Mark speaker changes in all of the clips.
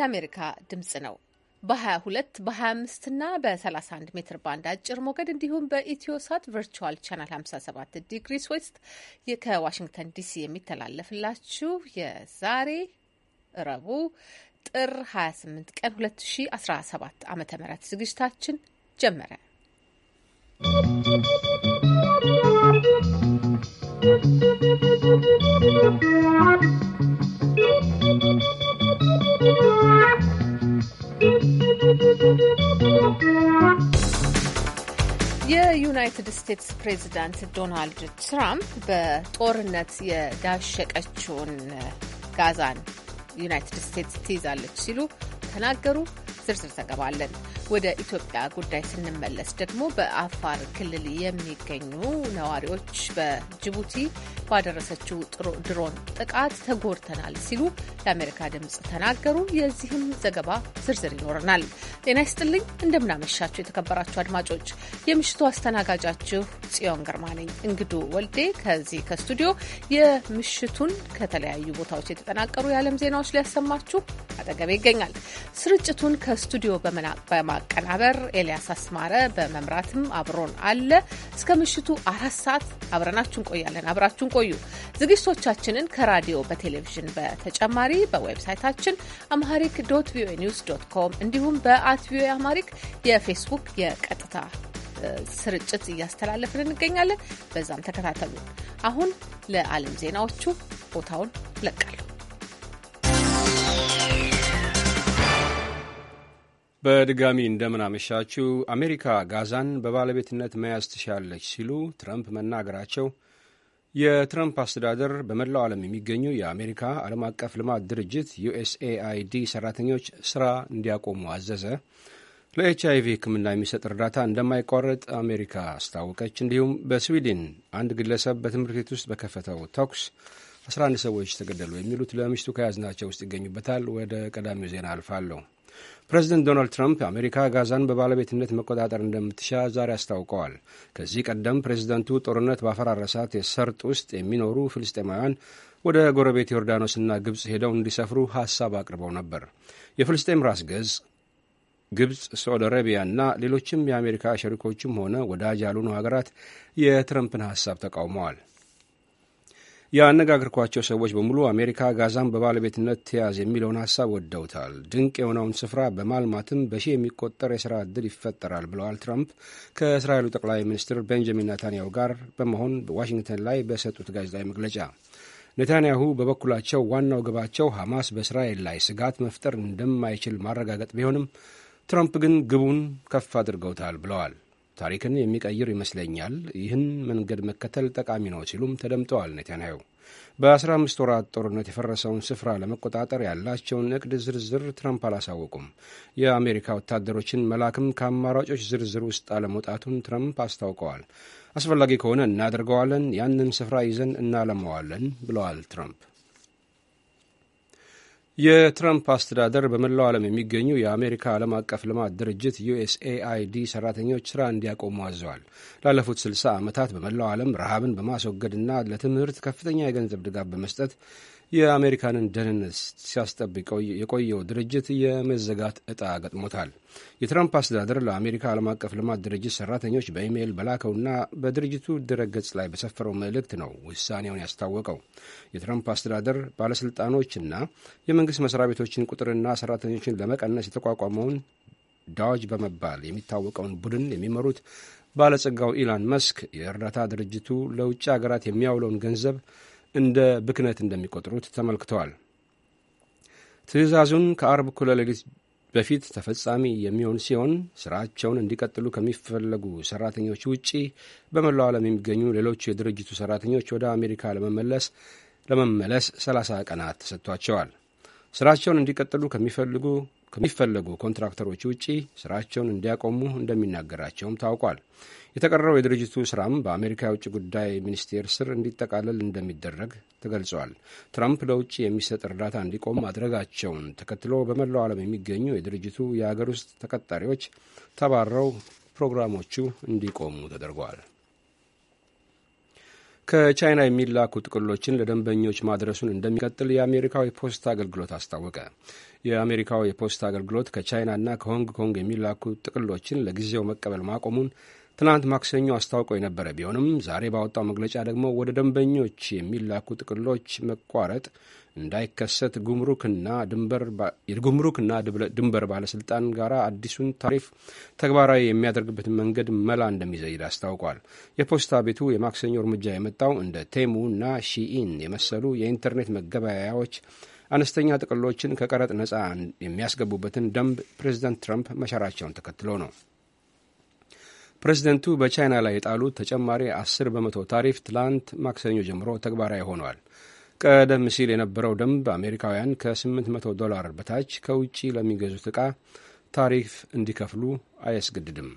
Speaker 1: የአሜሪካ ድምጽ ነው። በ22 በ25 እና በ31 ሜትር ባንድ አጭር ሞገድ እንዲሁም በኢትዮሳት ቨርቹዋል ቻናል 57 ዲግሪ ዌስት ከዋሽንግተን ዲሲ የሚተላለፍላችሁ የዛሬ ረቡዕ ጥር 28 ቀን 2017 ዓ ም ዝግጅታችን ጀመረ። ¶¶ የዩናይትድ ስቴትስ ፕሬዚዳንት ዶናልድ ትራምፕ በጦርነት የዳሸቀችውን ጋዛን ዩናይትድ ስቴትስ ትይዛለች ሲሉ ተናገሩ። ዝርዝር ዘገባ አለን። ወደ ኢትዮጵያ ጉዳይ ስንመለስ ደግሞ በአፋር ክልል የሚገኙ ነዋሪዎች በጅቡቲ ባደረሰችው ድሮን ጥቃት ተጎድተናል ሲሉ ለአሜሪካ ድምፅ ተናገሩ። የዚህም ዘገባ ዝርዝር ይኖረናል። ጤና ይስጥልኝ፣ እንደምናመሻችሁ የተከበራችሁ አድማጮች፣ የምሽቱ አስተናጋጃችሁ ጽዮን ግርማ ነኝ። እንግዱ ወልዴ ከዚህ ከስቱዲዮ የምሽቱን ከተለያዩ ቦታዎች የተጠናቀሩ የዓለም ዜናዎች ሊያሰማችሁ አጠገቤ ይገኛል። ስርጭቱን ከ ከስቱዲዮ በማቀናበር ኤልያስ አስማረ በመምራትም አብሮን አለ። እስከ ምሽቱ አራት ሰዓት አብረናችሁን ቆያለን። አብራችሁን ቆዩ። ዝግጅቶቻችንን ከራዲዮ በቴሌቪዥን በተጨማሪ በዌብሳይታችን አምሃሪክ ዶት ቪኦኤ ኒውስ ዶት ኮም እንዲሁም በአት ቪኦኤ አማሪክ የፌስቡክ የቀጥታ ስርጭት እያስተላለፍን እንገኛለን። በዛም ተከታተሉ። አሁን ለዓለም ዜናዎቹ ቦታውን ለቃለሁ።
Speaker 2: በድጋሚ እንደምናመሻችው አሜሪካ ጋዛን በባለቤትነት መያዝ ትሻለች ሲሉ ትረምፕ መናገራቸው የትረምፕ አስተዳደር በመላው ዓለም የሚገኙ የአሜሪካ ዓለም አቀፍ ልማት ድርጅት ዩኤስኤአይዲ ሰራተኞች ስራ እንዲያቆሙ አዘዘ፣ ለኤች አይቪ ሕክምና የሚሰጥ እርዳታ እንደማይቋረጥ አሜሪካ አስታወቀች። እንዲሁም በስዊድን አንድ ግለሰብ በትምህርት ቤት ውስጥ በከፈተው ተኩስ 11 ሰዎች ተገደሉ። የሚሉት ለምሽቱ ከያዝናቸው ውስጥ ይገኙበታል። ወደ ቀዳሚው ዜና አልፋለሁ። ፕሬዚደንት ዶናልድ ትራምፕ አሜሪካ ጋዛን በባለቤትነት መቆጣጠር እንደምትሻ ዛሬ አስታውቀዋል። ከዚህ ቀደም ፕሬዚደንቱ ጦርነት ባፈራረሳት የሰርጥ ውስጥ የሚኖሩ ፍልስጤማውያን ወደ ጎረቤት ዮርዳኖስና ግብፅ ሄደው እንዲሰፍሩ ሐሳብ አቅርበው ነበር። የፍልስጤም ራስ ገዝ ግብፅ፣ ሳዑዲ አረቢያና ሌሎችም የአሜሪካ ሸሪኮችም ሆነ ወዳጅ ያልሆኑ ሀገራት የትረምፕን ሐሳብ ተቃውመዋል። ያነጋግርኳቸው ሰዎች በሙሉ አሜሪካ ጋዛን በባለቤትነት ትያዝ የሚለውን ሀሳብ ወደውታል። ድንቅ የሆነውን ስፍራ በማልማትም በሺህ የሚቆጠር የሥራ ዕድል ይፈጠራል ብለዋል ትራምፕ ከእስራኤሉ ጠቅላይ ሚኒስትር ቤንጃሚን ኔታንያሁ ጋር በመሆን በዋሽንግተን ላይ በሰጡት ጋዜጣዊ መግለጫ ኔታንያሁ በበኩላቸው ዋናው ግባቸው ሐማስ በእስራኤል ላይ ስጋት መፍጠር እንደማይችል ማረጋገጥ ቢሆንም ትራምፕ ግን ግቡን ከፍ አድርገውታል ብለዋል። ታሪክን የሚቀይር ይመስለኛል። ይህን መንገድ መከተል ጠቃሚ ነው ሲሉም ተደምጠዋል ኔታንያሁ። በ15 ወራት ጦርነት የፈረሰውን ስፍራ ለመቆጣጠር ያላቸውን እቅድ ዝርዝር ትራምፕ አላሳወቁም። የአሜሪካ ወታደሮችን መላክም ከአማራጮች ዝርዝር ውስጥ አለመውጣቱን ትራምፕ አስታውቀዋል። አስፈላጊ ከሆነ እናደርገዋለን፣ ያንን ስፍራ ይዘን እናለመዋለን ብለዋል ትራምፕ። የትራምፕ አስተዳደር በመላው ዓለም የሚገኙ የአሜሪካ ዓለም አቀፍ ልማት ድርጅት ዩኤስኤአይዲ ሰራተኞች ሥራ እንዲያቆሙ አዘዋል። ላለፉት 60 ዓመታት በመላው ዓለም ረሃብን በማስወገድና ለትምህርት ከፍተኛ የገንዘብ ድጋፍ በመስጠት የአሜሪካንን ደህንነት ሲያስጠብቀው የቆየው ድርጅት የመዘጋት እጣ ገጥሞታል። የትራምፕ አስተዳደር ለአሜሪካ ዓለም አቀፍ ልማት ድርጅት ሰራተኞች በኢሜይል በላከውና በድርጅቱ ድረገጽ ላይ በሰፈረው መልእክት ነው ውሳኔውን ያስታወቀው። የትራምፕ አስተዳደር ባለሥልጣኖችና የመንግሥት መስሪያ ቤቶችን ቁጥርና ሰራተኞችን ለመቀነስ የተቋቋመውን ዳዋጅ በመባል የሚታወቀውን ቡድን የሚመሩት ባለጸጋው ኢላን መስክ የእርዳታ ድርጅቱ ለውጭ አገራት የሚያውለውን ገንዘብ እንደ ብክነት እንደሚቆጥሩት ተመልክተዋል። ትዕዛዙን ከአርብ እኩለ ሌሊት በፊት ተፈጻሚ የሚሆን ሲሆን ስራቸውን እንዲቀጥሉ ከሚፈለጉ ሰራተኞች ውጪ በመላው ዓለም የሚገኙ ሌሎች የድርጅቱ ሰራተኞች ወደ አሜሪካ ለመመለስ ለመመለስ 30 ቀናት ተሰጥቷቸዋል። ስራቸውን እንዲቀጥሉ ከሚፈልጉ ከሚፈለጉ ኮንትራክተሮች ውጪ ስራቸውን እንዲያቆሙ እንደሚናገራቸውም ታውቋል። የተቀረው የድርጅቱ ስራም በአሜሪካ የውጭ ጉዳይ ሚኒስቴር ስር እንዲጠቃለል እንደሚደረግ ተገልጿል። ትራምፕ ለውጭ የሚሰጥ እርዳታ እንዲቆም ማድረጋቸውን ተከትሎ በመላው ዓለም የሚገኙ የድርጅቱ የአገር ውስጥ ተቀጣሪዎች ተባረው ፕሮግራሞቹ እንዲቆሙ ተደርጓል። ከቻይና የሚላኩ ጥቅሎችን ለደንበኞች ማድረሱን እንደሚቀጥል የአሜሪካው የፖስታ አገልግሎት አስታወቀ። የአሜሪካው የፖስታ አገልግሎት ከቻይናና ከሆንግ ኮንግ የሚላኩ ጥቅሎችን ለጊዜው መቀበል ማቆሙን ትናንት ማክሰኞ አስታውቆ የነበረ ቢሆንም ዛሬ ባወጣው መግለጫ ደግሞ ወደ ደንበኞች የሚላኩ ጥቅሎች መቋረጥ እንዳይከሰት ጉምሩክና ድንበር ባለስልጣን ጋር አዲሱን ታሪፍ ተግባራዊ የሚያደርግበትን መንገድ መላ እንደሚዘይድ አስታውቋል። የፖስታ ቤቱ የማክሰኞ እርምጃ የመጣው እንደ ቴሙ እና ሺኢን የመሰሉ የኢንተርኔት መገበያያዎች አነስተኛ ጥቅሎችን ከቀረጥ ነጻ የሚያስገቡበትን ደንብ ፕሬዚዳንት ትራምፕ መሻራቸውን ተከትሎ ነው። ፕሬዚደንቱ በቻይና ላይ የጣሉት ተጨማሪ 10 በመቶ ታሪፍ ትላንት ማክሰኞ ጀምሮ ተግባራዊ ሆኗል። ቀደም ሲል የነበረው ደንብ አሜሪካውያን ከ800 ዶላር በታች ከውጭ ለሚገዙት ዕቃ ታሪፍ እንዲከፍሉ አያስገድድም።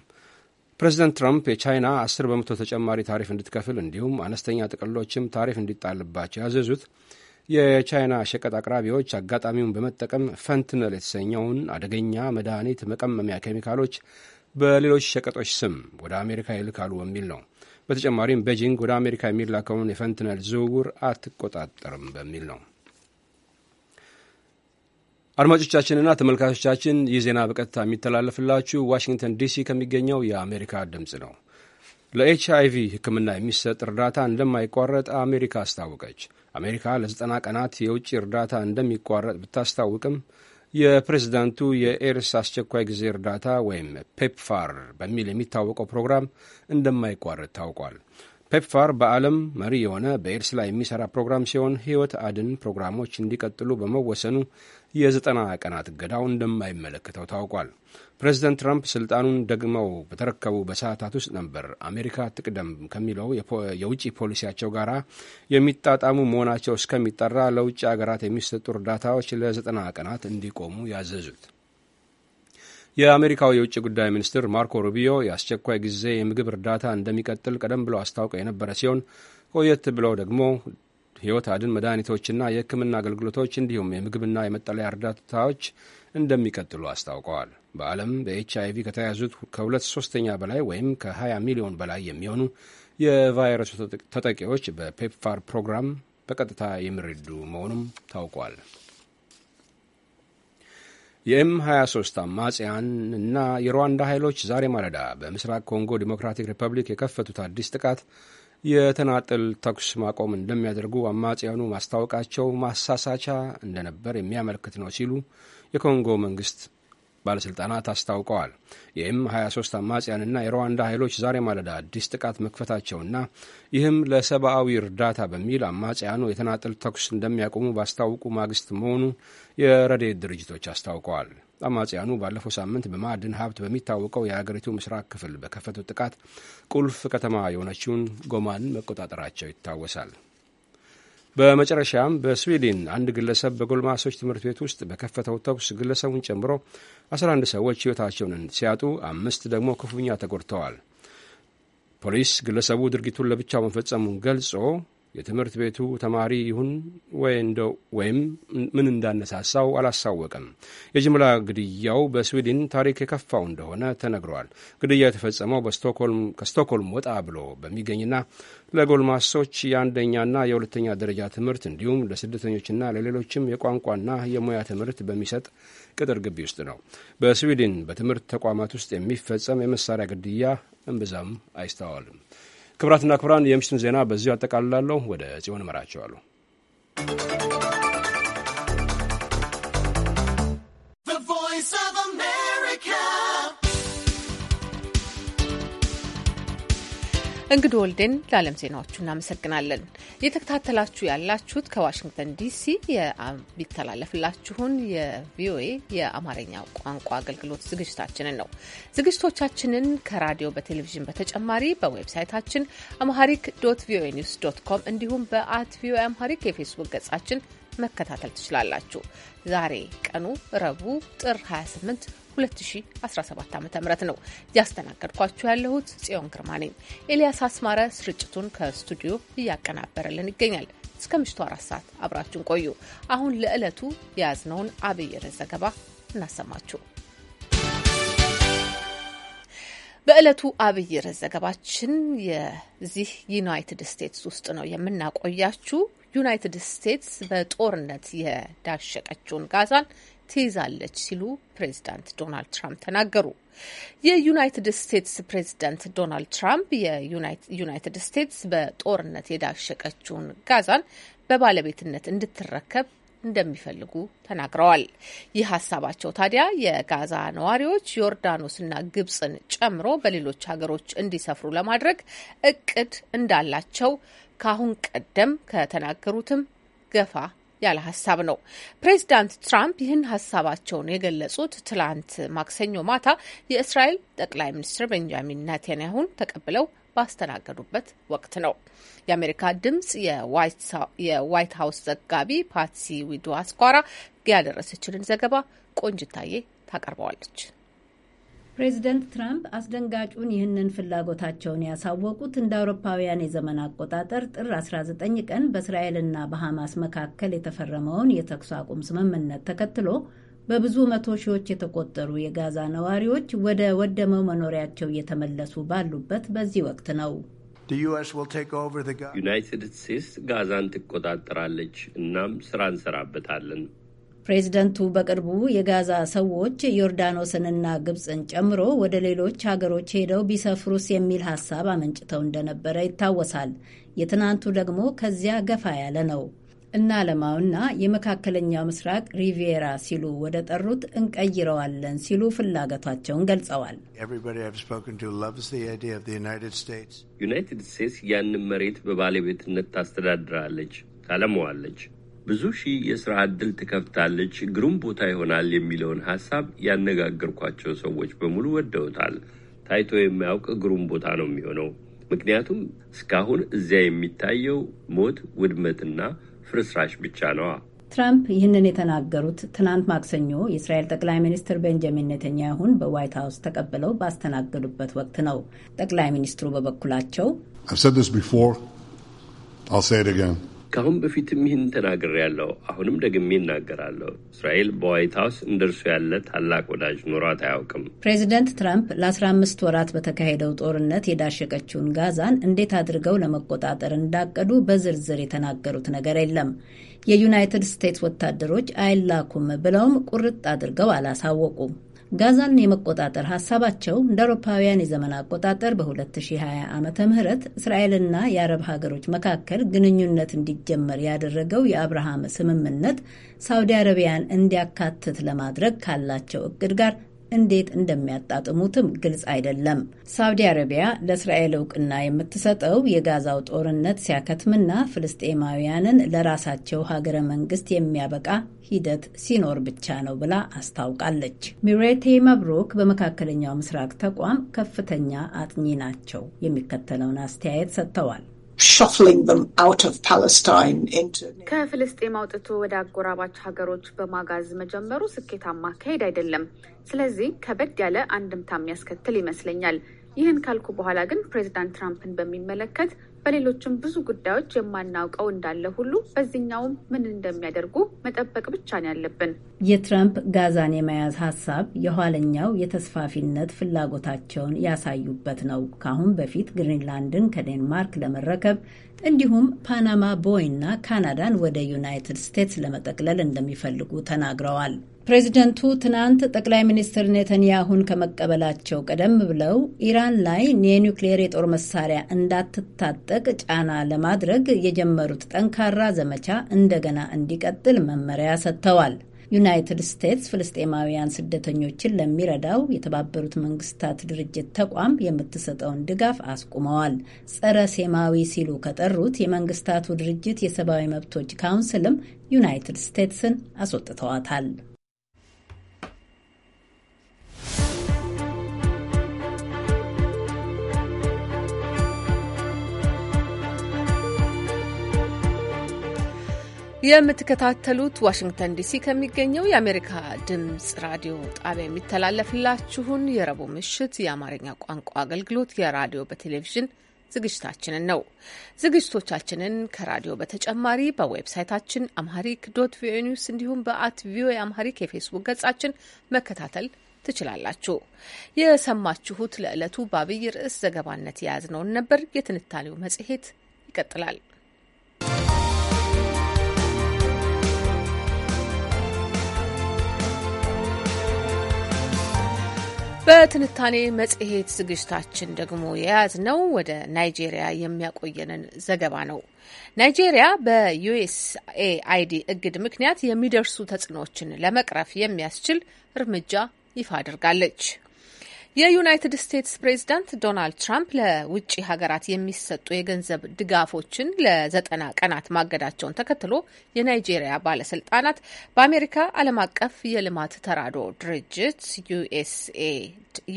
Speaker 2: ፕሬዚደንት ትራምፕ የቻይና 10 በመቶ ተጨማሪ ታሪፍ እንድትከፍል እንዲሁም አነስተኛ ጥቅሎችም ታሪፍ እንዲጣልባቸው ያዘዙት የቻይና ሸቀጥ አቅራቢዎች አጋጣሚውን በመጠቀም ፈንትነል የተሰኘውን አደገኛ መድኃኒት መቀመሚያ ኬሚካሎች በሌሎች ሸቀጦች ስም ወደ አሜሪካ ይልካሉ በሚል ነው። በተጨማሪም ቤጂንግ ወደ አሜሪካ የሚላከውን የፈንትነል ዝውውር አትቆጣጠርም በሚል ነው። አድማጮቻችንና ተመልካቾቻችን ይህ ዜና በቀጥታ የሚተላለፍላችሁ ዋሽንግተን ዲሲ ከሚገኘው የአሜሪካ ድምፅ ነው። ለኤች ቪ ሕክምና የሚሰጥ እርዳታ እንደማይቋረጥ አሜሪካ አስታወቀች። አሜሪካ ለዘጠና ቀናት የውጭ እርዳታ እንደሚቋረጥ ብታስታውቅም የፕሬዝዳንቱ የኤርስ አስቸኳይ ጊዜ እርዳታ ወይም ፔፕፋር በሚል የሚታወቀው ፕሮግራም እንደማይቋረጥ ታውቋል። ፔፕፋር በዓለም መሪ የሆነ በኤድስ ላይ የሚሰራ ፕሮግራም ሲሆን ሕይወት አድን ፕሮግራሞች እንዲቀጥሉ በመወሰኑ የዘጠና ቀናት እገዳው እንደማይመለከተው ታውቋል። ፕሬዚደንት ትራምፕ ስልጣኑን ደግመው በተረከቡ በሰዓታት ውስጥ ነበር አሜሪካ ትቅደም ከሚለው የውጭ ፖሊሲያቸው ጋር የሚጣጣሙ መሆናቸው እስከሚጠራ ለውጭ ሀገራት የሚሰጡ እርዳታዎች ለዘጠና ቀናት እንዲቆሙ ያዘዙት። የአሜሪካው የውጭ ጉዳይ ሚኒስትር ማርኮ ሩቢዮ የአስቸኳይ ጊዜ የምግብ እርዳታ እንደሚቀጥል ቀደም ብለው አስታውቀው የነበረ ሲሆን ቆየት ብለው ደግሞ ሕይወት አድን መድኃኒቶችና የሕክምና አገልግሎቶች እንዲሁም የምግብና የመጠለያ እርዳታዎች እንደሚቀጥሉ አስታውቀዋል። በዓለም በኤች አይቪ ከተያዙት ከሁለት ሶስተኛ በላይ ወይም ከ20 ሚሊዮን በላይ የሚሆኑ የቫይረሱ ተጠቂዎች በፔፕፋር ፕሮግራም በቀጥታ የሚረዱ መሆኑም ታውቋል። የኤም 23 እና የሩዋንዳ ኃይሎች ዛሬ ማለዳ በምስራቅ ኮንጎ ዲሞክራቲክ ሪፐብሊክ የከፈቱት አዲስ ጥቃት የተናጥል ተኩስ ማቆም እንደሚያደርጉ አማጽያኑ ማስታወቃቸው ማሳሳቻ እንደነበር የሚያመለክት ነው ሲሉ የኮንጎ መንግስት ባለሥልጣናት አስታውቀዋል። የኤም 23 አማጽያንና የሩዋንዳ ኃይሎች ዛሬ ማለዳ አዲስ ጥቃት መክፈታቸውና ይህም ለሰብአዊ እርዳታ በሚል አማጽያኑ የተናጠል ተኩስ እንደሚያቆሙ ባስታውቁ ማግስት መሆኑ የረድኤት ድርጅቶች አስታውቀዋል። አማጽያኑ ባለፈው ሳምንት በማዕድን ሀብት በሚታወቀው የአገሪቱ ምስራቅ ክፍል በከፈቱ ጥቃት ቁልፍ ከተማ የሆነችውን ጎማን መቆጣጠራቸው ይታወሳል። በመጨረሻም በስዊድን አንድ ግለሰብ በጎልማሶች ትምህርት ቤት ውስጥ በከፈተው ተኩስ ግለሰቡን ጨምሮ 11 ሰዎች ሕይወታቸውን ሲያጡ አምስት ደግሞ ክፉኛ ተጎድተዋል። ፖሊስ ግለሰቡ ድርጊቱን ለብቻው መፈጸሙን ገልጾ የትምህርት ቤቱ ተማሪ ይሁን ወይም ምን እንዳነሳሳው አላሳወቅም። የጅምላ ግድያው በስዊድን ታሪክ የከፋው እንደሆነ ተነግሯል። ግድያ የተፈጸመው ከስቶክሆልም ወጣ ብሎ በሚገኝና ለጎልማሶች የአንደኛና የሁለተኛ ደረጃ ትምህርት እንዲሁም ለስደተኞችና ለሌሎችም የቋንቋና የሙያ ትምህርት በሚሰጥ ቅጥር ግቢ ውስጥ ነው። በስዊድን በትምህርት ተቋማት ውስጥ የሚፈጸም የመሳሪያ ግድያ እምብዛም አይስተዋልም። ክብራትና ክብራን የምሽቱን ዜና በዚሁ አጠቃልላለሁ። ወደ ጽዮን እመራቸዋለሁ።
Speaker 1: እንግዲህ ወልዴን ለዓለም ዜናዎቹ እናመሰግናለን። እየተከታተላችሁ ያላችሁት ከዋሽንግተን ዲሲ የሚተላለፍላችሁን የቪኦኤ የአማርኛ ቋንቋ አገልግሎት ዝግጅታችንን ነው። ዝግጅቶቻችንን ከራዲዮ በቴሌቪዥን በተጨማሪ በዌብሳይታችን አምሃሪክ ዶት ቪኦኤ ኒውስ ዶት ኮም እንዲሁም በአት ቪኦኤ አምሃሪክ የፌስቡክ ገጻችን መከታተል ትችላላችሁ። ዛሬ ቀኑ ረቡዕ ጥር 28 2017 ዓ ም ነው ያስተናገድኳችሁ ያለሁት ጽዮን ግርማ ነኝ። ኤልያስ አስማረ ስርጭቱን ከስቱዲዮ እያቀናበረልን ይገኛል። እስከ ምሽቱ አራት ሰዓት አብራችን ቆዩ። አሁን ለዕለቱ የያዝነውን አብይ ርዕስ ዘገባ እናሰማችሁ። በዕለቱ አብይ ርዕስ ዘገባችን የዚህ ዩናይትድ ስቴትስ ውስጥ ነው የምናቆያችሁ። ዩናይትድ ስቴትስ በጦርነት የዳሸቀችውን ጋዛን ትይዛለች ሲሉ ፕሬዚዳንት ዶናልድ ትራምፕ ተናገሩ። የዩናይትድ ስቴትስ ፕሬዚዳንት ዶናልድ ትራምፕ የዩናይትድ ስቴትስ በጦርነት የዳሸቀችውን ጋዛን በባለቤትነት እንድትረከብ እንደሚፈልጉ ተናግረዋል። ይህ ሀሳባቸው ታዲያ የጋዛ ነዋሪዎች ዮርዳኖስና ግብጽን ጨምሮ በሌሎች ሀገሮች እንዲሰፍሩ ለማድረግ እቅድ እንዳላቸው ከአሁን ቀደም ከተናገሩትም ገፋ ያለ ሀሳብ ነው። ፕሬዚዳንት ትራምፕ ይህን ሀሳባቸውን የገለጹት ትላንት ማክሰኞ ማታ የእስራኤል ጠቅላይ ሚኒስትር ቤንጃሚን ኔታንያሁን ተቀብለው ባስተናገዱበት ወቅት ነው። የአሜሪካ ድምጽ የዋይት ሀውስ ዘጋቢ ፓትሲ ዊዶ አስኳራ ያደረሰችልን ዘገባ ቆንጅታዬ ታቀርበዋለች።
Speaker 3: ፕሬዚደንት ትራምፕ አስደንጋጩን ይህንን ፍላጎታቸውን ያሳወቁት እንደ አውሮፓውያን የዘመን አቆጣጠር ጥር 19 ቀን በእስራኤልና በሐማስ መካከል የተፈረመውን የተኩስ አቁም ስምምነት ተከትሎ በብዙ መቶ ሺዎች የተቆጠሩ የጋዛ ነዋሪዎች ወደ ወደመው መኖሪያቸው እየተመለሱ ባሉበት በዚህ ወቅት ነው።
Speaker 4: ዩናይትድ ስቴትስ ጋዛን ትቆጣጠራለች፣ እናም ስራ እንሰራበታለን
Speaker 3: ፕሬዝደንቱ በቅርቡ የጋዛ ሰዎች ዮርዳኖስንና ግብፅን ጨምሮ ወደ ሌሎች ሀገሮች ሄደው ቢሰፍሩስ የሚል ሀሳብ አመንጭተው እንደነበረ ይታወሳል። የትናንቱ ደግሞ ከዚያ ገፋ ያለ ነው። እናለማውና የመካከለኛው ምስራቅ ሪቪየራ ሲሉ ወደ ጠሩት እንቀይረዋለን ሲሉ ፍላጎታቸውን ገልጸዋል።
Speaker 4: ዩናይትድ ስቴትስ ያንን መሬት በባለቤትነት ታስተዳድራለች፣ ታለመዋለች ብዙ ሺህ የስራ ዕድል ትከፍታለች፣ ግሩም ቦታ ይሆናል የሚለውን ሀሳብ ያነጋገርኳቸው ሰዎች በሙሉ ወደውታል። ታይቶ የማያውቅ ግሩም ቦታ ነው የሚሆነው። ምክንያቱም እስካሁን እዚያ የሚታየው ሞት፣ ውድመትና ፍርስራሽ ብቻ ነዋ።
Speaker 3: ትራምፕ ይህንን የተናገሩት ትናንት ማክሰኞ የእስራኤል ጠቅላይ ሚኒስትር ቤንጃሚን ኔተንያሁን በዋይት ሀውስ ተቀብለው ባስተናገዱበት ወቅት ነው። ጠቅላይ ሚኒስትሩ በበኩላቸው
Speaker 4: ከአሁን በፊትም ይህን ያለው አሁንም ደግሜ ይናገራለሁ። እስራኤል በዋይት ሀውስ እርሱ ያለ ታላቅ ወዳጅ ኖሯት አያውቅም።
Speaker 3: ፕሬዚደንት ትራምፕ ለ15 ወራት በተካሄደው ጦርነት የዳሸቀችውን ጋዛን እንዴት አድርገው ለመቆጣጠር እንዳቀዱ በዝርዝር የተናገሩት ነገር የለም። የዩናይትድ ስቴትስ ወታደሮች አይላኩም ብለውም ቁርጥ አድርገው አላሳወቁም። ጋዛን የመቆጣጠር ሀሳባቸው እንደ አውሮፓውያን የዘመን አቆጣጠር በ2020 ዓ ም እስራኤልና የአረብ ሀገሮች መካከል ግንኙነት እንዲጀመር ያደረገው የአብርሃም ስምምነት ሳውዲ አረቢያን እንዲያካትት ለማድረግ ካላቸው እቅድ ጋር እንዴት እንደሚያጣጥሙትም ግልጽ አይደለም። ሳውዲ አረቢያ ለእስራኤል እውቅና የምትሰጠው የጋዛው ጦርነት ሲያከትምና ፍልስጤማውያንን ለራሳቸው ሀገረ መንግስት የሚያበቃ ሂደት ሲኖር ብቻ ነው ብላ አስታውቃለች። ሚሬቴ መብሩክ በመካከለኛው ምስራቅ ተቋም ከፍተኛ አጥኚ ናቸው። የሚከተለውን አስተያየት ሰጥተዋል።
Speaker 5: ከፍልስጤም አውጥቶ ወደ አጎራባች ሀገሮች በማጋዝ መጀመሩ ስኬታማ አካሄድ አይደለም። ስለዚህ ከበድ ያለ አንድምታ የሚያስከትል ይመስለኛል። ይህን ካልኩ በኋላ ግን ፕሬዚዳንት ትራምፕን በሚመለከት በሌሎችም ብዙ ጉዳዮች የማናውቀው እንዳለ ሁሉ በዚህኛውም ምን እንደሚያደርጉ መጠበቅ ብቻ ነው ያለብን።
Speaker 3: የትራምፕ ጋዛን የመያዝ ሀሳብ የኋለኛው የተስፋፊነት ፍላጎታቸውን ያሳዩበት ነው። ከአሁን በፊት ግሪንላንድን ከዴንማርክ ለመረከብ እንዲሁም ፓናማ ቦይ እና ካናዳን ወደ ዩናይትድ ስቴትስ ለመጠቅለል እንደሚፈልጉ ተናግረዋል። ፕሬዚደንቱ ትናንት ጠቅላይ ሚኒስትር ኔተንያሁን ከመቀበላቸው ቀደም ብለው ኢራን ላይ የኒውክሌር የጦር መሳሪያ እንዳትታጠቅ ጫና ለማድረግ የጀመሩት ጠንካራ ዘመቻ እንደገና እንዲቀጥል መመሪያ ሰጥተዋል። ዩናይትድ ስቴትስ ፍልስጤማውያን ስደተኞችን ለሚረዳው የተባበሩት መንግስታት ድርጅት ተቋም የምትሰጠውን ድጋፍ አስቁመዋል። ጸረ ሴማዊ ሲሉ ከጠሩት የመንግስታቱ ድርጅት የሰብአዊ መብቶች ካውንስልም ዩናይትድ ስቴትስን አስወጥተዋታል።
Speaker 1: የምትከታተሉት ዋሽንግተን ዲሲ ከሚገኘው የአሜሪካ ድምፅ ራዲዮ ጣቢያ የሚተላለፍላችሁን የረቡዕ ምሽት የአማርኛ ቋንቋ አገልግሎት የራዲዮ በቴሌቪዥን ዝግጅታችንን ነው። ዝግጅቶቻችንን ከራዲዮ በተጨማሪ በዌብሳይታችን አምሃሪክ ዶት ቪኦኤ ኒውስ እንዲሁም በአት ቪኦኤ አምሃሪክ የፌስቡክ ገጻችን መከታተል ትችላላችሁ። የሰማችሁት ለዕለቱ በአብይ ርዕስ ዘገባነት የያዝነውን ነበር። የትንታኔው መጽሔት ይቀጥላል። በትንታኔ መጽሔት ዝግጅታችን ደግሞ የያዝነው ወደ ናይጄሪያ የሚያቆየንን ዘገባ ነው። ናይጄሪያ አይዲ እግድ ምክንያት የሚደርሱ ተጽዕኖዎችን ለመቅረፍ የሚያስችል እርምጃ ይፋ አድርጋለች። የዩናይትድ ስቴትስ ፕሬዝዳንት ዶናልድ ትራምፕ ለውጭ ሀገራት የሚሰጡ የገንዘብ ድጋፎችን ለዘጠና ቀናት ማገዳቸውን ተከትሎ የናይጄሪያ ባለስልጣናት በአሜሪካ ዓለም አቀፍ የልማት ተራድኦ ድርጅት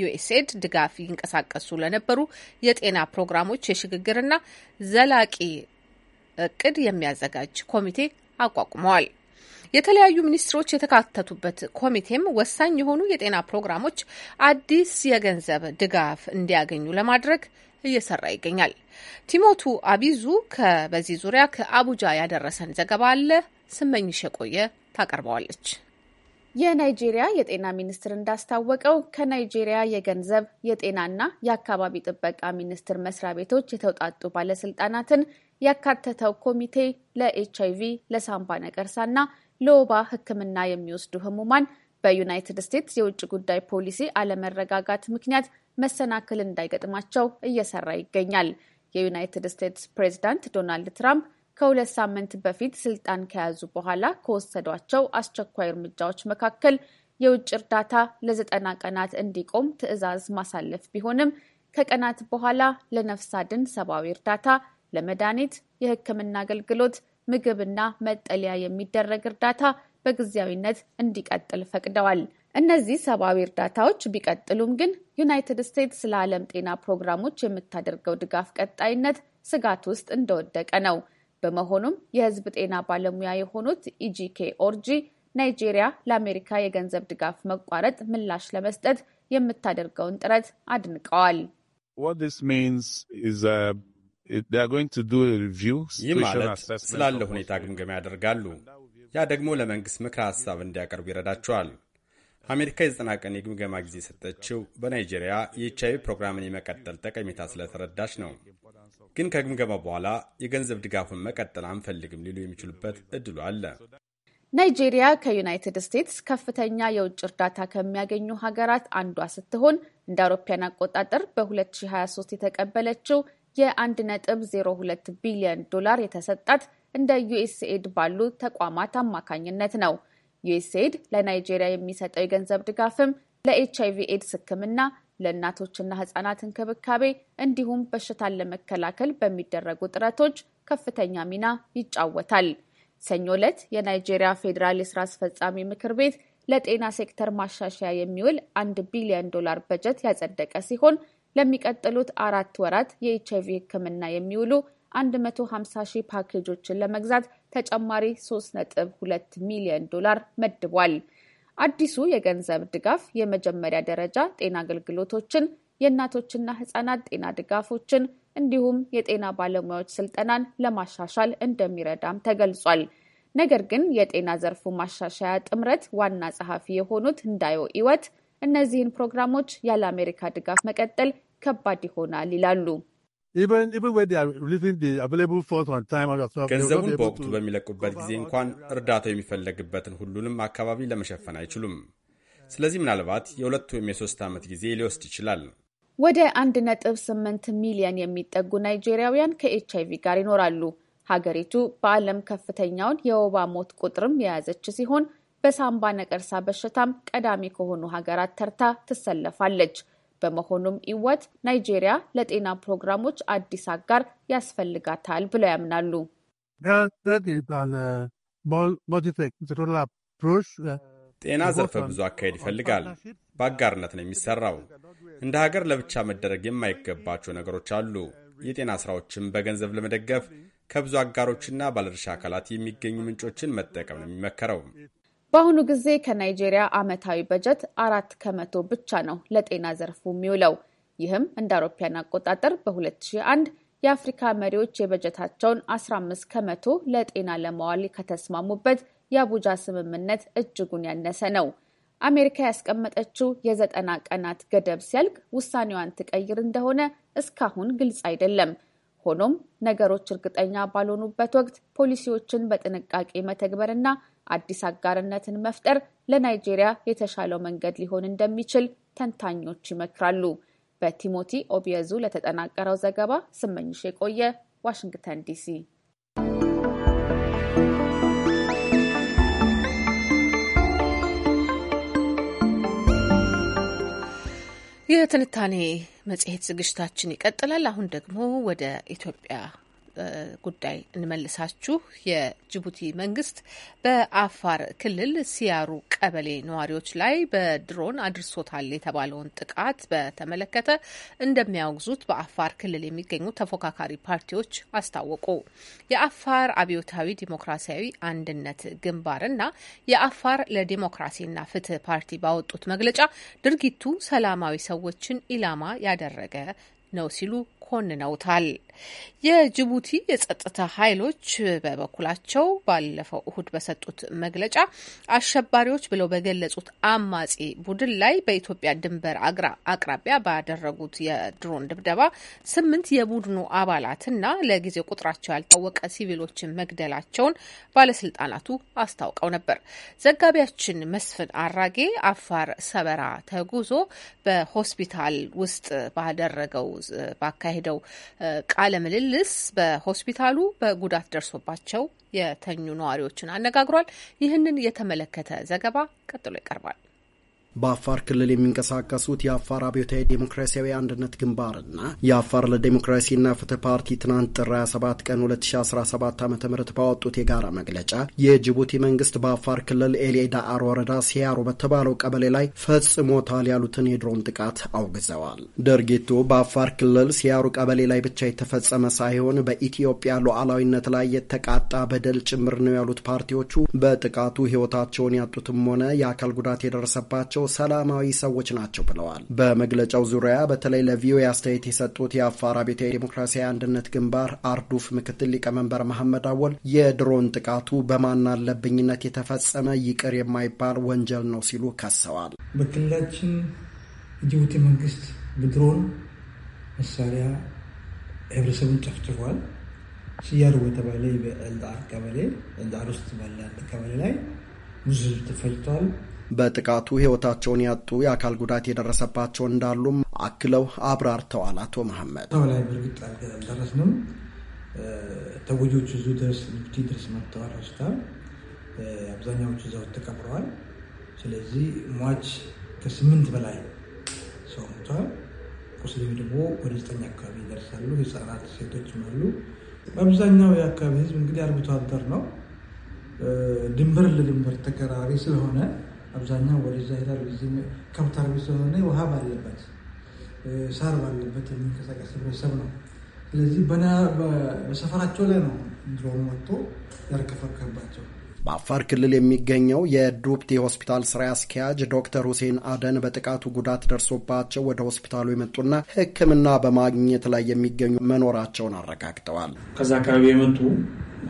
Speaker 1: ዩኤስኤድ ድጋፍ ይንቀሳቀሱ ለነበሩ የጤና ፕሮግራሞች የሽግግርና ዘላቂ እቅድ የሚያዘጋጅ ኮሚቴ አቋቁመዋል። የተለያዩ ሚኒስትሮች የተካተቱበት ኮሚቴም ወሳኝ የሆኑ የጤና ፕሮግራሞች አዲስ የገንዘብ ድጋፍ እንዲያገኙ ለማድረግ እየሰራ ይገኛል። ቲሞቱ አቢዙ በዚህ ዙሪያ ከአቡጃ ያደረሰን ዘገባ አለ። ስመኝሽ የቆየ ታቀርበዋለች።
Speaker 5: የናይጄሪያ የጤና ሚኒስቴር እንዳስታወቀው ከናይጄሪያ የገንዘብ የጤናና የአካባቢ ጥበቃ ሚኒስቴር መስሪያ ቤቶች የተውጣጡ ባለስልጣናትን ያካተተው ኮሚቴ ለኤች አይቪ ለሳምባ ነቀርሳና ለወባ ሕክምና የሚወስዱ ህሙማን በዩናይትድ ስቴትስ የውጭ ጉዳይ ፖሊሲ አለመረጋጋት ምክንያት መሰናክል እንዳይገጥማቸው እየሰራ ይገኛል። የዩናይትድ ስቴትስ ፕሬዚዳንት ዶናልድ ትራምፕ ከሁለት ሳምንት በፊት ስልጣን ከያዙ በኋላ ከወሰዷቸው አስቸኳይ እርምጃዎች መካከል የውጭ እርዳታ ለዘጠና ቀናት እንዲቆም ትዕዛዝ ማሳለፍ ቢሆንም ከቀናት በኋላ ለነፍስ አድን ሰብአዊ እርዳታ፣ ለመድኃኒት፣ የህክምና አገልግሎት ምግብና መጠለያ የሚደረግ እርዳታ በጊዜያዊነት እንዲቀጥል ፈቅደዋል። እነዚህ ሰብአዊ እርዳታዎች ቢቀጥሉም ግን ዩናይትድ ስቴትስ ለዓለም ጤና ፕሮግራሞች የምታደርገው ድጋፍ ቀጣይነት ስጋት ውስጥ እንደወደቀ ነው። በመሆኑም የሕዝብ ጤና ባለሙያ የሆኑት ኢጂኬ ኦርጂ ናይጄሪያ ለአሜሪካ የገንዘብ ድጋፍ መቋረጥ ምላሽ ለመስጠት የምታደርገውን ጥረት አድንቀዋል።
Speaker 6: uh, ይህ ማለት ስላለ ሁኔታ
Speaker 7: ግምገማ ያደርጋሉ። ያ ደግሞ ለመንግሥት ምክረ ሐሳብ እንዲያቀርቡ ይረዳቸዋል። አሜሪካ የዘጠና ቀን የግምገማ ጊዜ የሰጠችው በናይጄሪያ የኤች አይቪ ፕሮግራምን የመቀጠል ጠቀሜታ ስለተረዳች ነው። ግን ከግምገማ በኋላ የገንዘብ ድጋፉን መቀጠል አንፈልግም ሊሉ የሚችሉበት እድሉ አለ።
Speaker 5: ናይጄሪያ ከዩናይትድ ስቴትስ ከፍተኛ የውጭ እርዳታ ከሚያገኙ ሀገራት አንዷ ስትሆን እንደ አውሮፓያን አቆጣጠር በ2023 የተቀበለችው የ1.02 ቢሊዮን ዶላር የተሰጣት እንደ ዩኤስኤድ ባሉ ተቋማት አማካኝነት ነው። ዩኤስኤድ ለናይጄሪያ የሚሰጠው የገንዘብ ድጋፍም ለኤች አይቪ ኤድስ ሕክምና፣ ለእናቶችና ህጻናት እንክብካቤ እንዲሁም በሽታን ለመከላከል በሚደረጉ ጥረቶች ከፍተኛ ሚና ይጫወታል። ሰኞ ዕለት የናይጄሪያ ፌዴራል የስራ አስፈጻሚ ምክር ቤት ለጤና ሴክተር ማሻሻያ የሚውል አንድ ቢሊዮን ዶላር በጀት ያጸደቀ ሲሆን ለሚቀጥሉት አራት ወራት የኤች አይቪ ሕክምና የሚውሉ 150 ሺህ ፓኬጆችን ለመግዛት ተጨማሪ 3.2 ሚሊዮን ዶላር መድቧል። አዲሱ የገንዘብ ድጋፍ የመጀመሪያ ደረጃ ጤና አገልግሎቶችን፣ የእናቶችና ህጻናት ጤና ድጋፎችን እንዲሁም የጤና ባለሙያዎች ስልጠናን ለማሻሻል እንደሚረዳም ተገልጿል። ነገር ግን የጤና ዘርፉ ማሻሻያ ጥምረት ዋና ጸሐፊ የሆኑት እንዳየው ኢወት እነዚህን ፕሮግራሞች ያለ አሜሪካ ድጋፍ መቀጠል ከባድ ይሆናል ይላሉ።
Speaker 8: ገንዘቡን በወቅቱ
Speaker 7: በሚለቁበት ጊዜ እንኳን እርዳታው የሚፈለግበትን ሁሉንም አካባቢ ለመሸፈን አይችሉም። ስለዚህ ምናልባት የሁለት ወይም የሶስት ዓመት ጊዜ ሊወስድ ይችላል።
Speaker 5: ወደ 1.8 ሚሊዮን የሚጠጉ ናይጄሪያውያን ከኤች አይቪ ጋር ይኖራሉ። ሀገሪቱ በዓለም ከፍተኛውን የወባ ሞት ቁጥርም የያዘች ሲሆን በሳምባ ነቀርሳ በሽታም ቀዳሚ ከሆኑ ሀገራት ተርታ ትሰለፋለች። በመሆኑም ኢወት ናይጄሪያ ለጤና ፕሮግራሞች አዲስ አጋር ያስፈልጋታል ብለው ያምናሉ።
Speaker 9: ጤና ዘርፈ ብዙ
Speaker 3: አካሄድ
Speaker 7: ይፈልጋል። በአጋርነት ነው የሚሰራው። እንደ ሀገር ለብቻ መደረግ የማይገባቸው ነገሮች አሉ። የጤና ስራዎችን በገንዘብ ለመደገፍ ከብዙ አጋሮችና ባለድርሻ አካላት የሚገኙ ምንጮችን መጠቀም ነው የሚመከረው።
Speaker 5: በአሁኑ ጊዜ ከናይጄሪያ ዓመታዊ በጀት አራት ከመቶ ብቻ ነው ለጤና ዘርፉ የሚውለው። ይህም እንደ አውሮፓያን አቆጣጠር በ2001 የአፍሪካ መሪዎች የበጀታቸውን 15 ከመቶ ለጤና ለመዋል ከተስማሙበት የአቡጃ ስምምነት እጅጉን ያነሰ ነው። አሜሪካ ያስቀመጠችው የዘጠና ቀናት ገደብ ሲያልቅ ውሳኔዋን ትቀይር እንደሆነ እስካሁን ግልጽ አይደለም። ሆኖም ነገሮች እርግጠኛ ባልሆኑበት ወቅት ፖሊሲዎችን በጥንቃቄ መተግበርና አዲስ አጋርነትን መፍጠር ለናይጄሪያ የተሻለው መንገድ ሊሆን እንደሚችል ተንታኞች ይመክራሉ። በቲሞቲ ኦቢየዙ ለተጠናቀረው ዘገባ ስመኝሽ የቆየ ዋሽንግተን ዲሲ።
Speaker 1: የትንታኔ መጽሔት ዝግጅታችን ይቀጥላል። አሁን ደግሞ ወደ ኢትዮጵያ ጉዳይ እንመልሳችሁ። የጅቡቲ መንግስት በአፋር ክልል ሲያሩ ቀበሌ ነዋሪዎች ላይ በድሮን አድርሶታል የተባለውን ጥቃት በተመለከተ እንደሚያወግዙት በአፋር ክልል የሚገኙ ተፎካካሪ ፓርቲዎች አስታወቁ። የአፋር አብዮታዊ ዲሞክራሲያዊ አንድነት ግንባርና የአፋር ለዲሞክራሲና ፍትህ ፓርቲ ባወጡት መግለጫ ድርጊቱ ሰላማዊ ሰዎችን ኢላማ ያደረገ ነው ሲሉ ኮንነውታል። የጅቡቲ የጸጥታ ኃይሎች በበኩላቸው ባለፈው እሁድ በሰጡት መግለጫ አሸባሪዎች ብለው በገለጹት አማጺ ቡድን ላይ በኢትዮጵያ ድንበር አቅራቢያ ባደረጉት የድሮን ድብደባ ስምንት የቡድኑ አባላትና ለጊዜው ቁጥራቸው ያልታወቀ ሲቪሎችን መግደላቸውን ባለስልጣናቱ አስታውቀው ነበር። ዘጋቢያችን መስፍን አራጌ አፋር ሰበራ ተጉዞ በሆስፒታል ውስጥ ባደረገው ባካሄ ባካሄደው ቃለ ምልልስ በሆስፒታሉ በጉዳት ደርሶባቸው የተኙ ነዋሪዎችን አነጋግሯል። ይህንን የተመለከተ ዘገባ ቀጥሎ ይቀርባል።
Speaker 10: በአፋር ክልል የሚንቀሳቀሱት የአፋር አብዮታዊ ዴሞክራሲያዊ አንድነት ግንባርና የአፋር ለዴሞክራሲና ፍትህ ፓርቲ ትናንት ጥር 27 ቀን 2017 ዓ ም ባወጡት የጋራ መግለጫ የጅቡቲ መንግስት በአፋር ክልል ኤሌዳአር ወረዳ ሲያሮ በተባለው ቀበሌ ላይ ፈጽሞታል ያሉትን የድሮን ጥቃት አውግዘዋል። ድርጊቱ በአፋር ክልል ሲያሩ ቀበሌ ላይ ብቻ የተፈጸመ ሳይሆን በኢትዮጵያ ሉዓላዊነት ላይ የተቃጣ በደል ጭምር ነው ያሉት ፓርቲዎቹ በጥቃቱ ህይወታቸውን ያጡትም ሆነ የአካል ጉዳት የደረሰባቸው ሰላማዊ ሰዎች ናቸው ብለዋል። በመግለጫው ዙሪያ በተለይ ለቪኦኤ አስተያየት የሰጡት የአፋር አብዮታዊ ዴሞክራሲያዊ አንድነት ግንባር አርዱፍ ምክትል ሊቀመንበር መሐመድ አወል የድሮን ጥቃቱ በማን አለብኝነት የተፈጸመ ይቅር የማይባል ወንጀል ነው ሲሉ ከሰዋል።
Speaker 9: በክልላችን የጅቡቲ መንግስት በድሮን መሳሪያ ህብረተሰቡን ጨፍጭፏል። ሽያሩ በተባለ በልዳር ቀበሌ ልዳር ውስጥ ባለ አንድ ቀበሌ ላይ ብዙ ህዝብ ተፈጅቷል።
Speaker 10: በጥቃቱ ህይወታቸውን ያጡ የአካል ጉዳት የደረሰባቸው እንዳሉም አክለው አብራርተዋል። አቶ መሐመድ
Speaker 9: ሰው ላይ በእርግጥ አልደረስንም። ተጎጆቹ እዙ ድረስ ንብቲ ድረስ መጥተዋል ሆስፒታል። አብዛኛዎቹ እዛው ተቀብረዋል። ስለዚህ ሟች ከስምንት በላይ ሰው ሞቷል። ቁስሌ ደግሞ ወደ ዘጠኝ አካባቢ ይደርሳሉ። ህፃናት፣ ሴቶችም አሉ። በአብዛኛው የአካባቢ ህዝብ እንግዲህ አርብቶ አደር ነው። ድንበር ለድንበር ተቀራሪ ስለሆነ አብዛኛው ወደዛ ሄዳል። ከብት አርቢ ስለሆነ ውሃ ባለበት ሳር ባለበት የሚንቀሳቀስ ህብረተሰብ ነው። ስለዚህ በሰፈራቸው ላይ ነው ድሮም ወጥቶ ያርከፈከባቸው።
Speaker 10: በአፋር ክልል የሚገኘው የዱብቲ ሆስፒታል ስራ አስኪያጅ ዶክተር ሁሴን አደን በጥቃቱ ጉዳት ደርሶባቸው ወደ ሆስፒታሉ የመጡና ሕክምና በማግኘት ላይ የሚገኙ መኖራቸውን አረጋግጠዋል።
Speaker 9: ከዛ አካባቢ የመጡ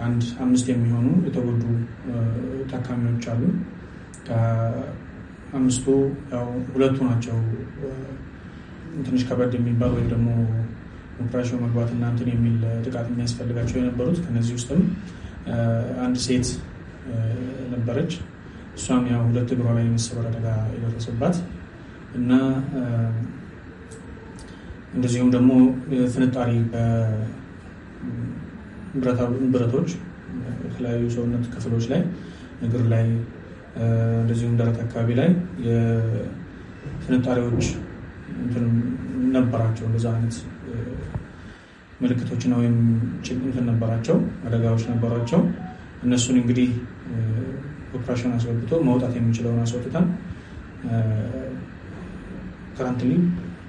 Speaker 9: አንድ አምስት የሚሆኑ የተጎዱ ታካሚዎች አሉ። ከአምስቱ ያው ሁለቱ ናቸው ትንሽ ከበድ የሚባል ወይም ደግሞ ኦፕራሽን መግባት እና እንትን የሚል ጥቃት የሚያስፈልጋቸው የነበሩት። ከነዚህ ውስጥም አንድ ሴት ነበረች። እሷም ያው ሁለት እግሯ ላይ የመሰበር አደጋ የደረሰባት እና እንደዚሁም ደግሞ ፍንጣሪ ብረቶች የተለያዩ ሰውነት ክፍሎች ላይ እግር ላይ እንደዚሁም ደረት አካባቢ ላይ ትንጣሪዎች ነበራቸው። እንደዛ አይነት ምልክቶችና ወይም ችግር ነበራቸው፣ አደጋዎች ነበራቸው። እነሱን እንግዲህ ኦፕሬሽን አስገብቶ መውጣት የሚችለውን አስወጥተን ከረንትሊ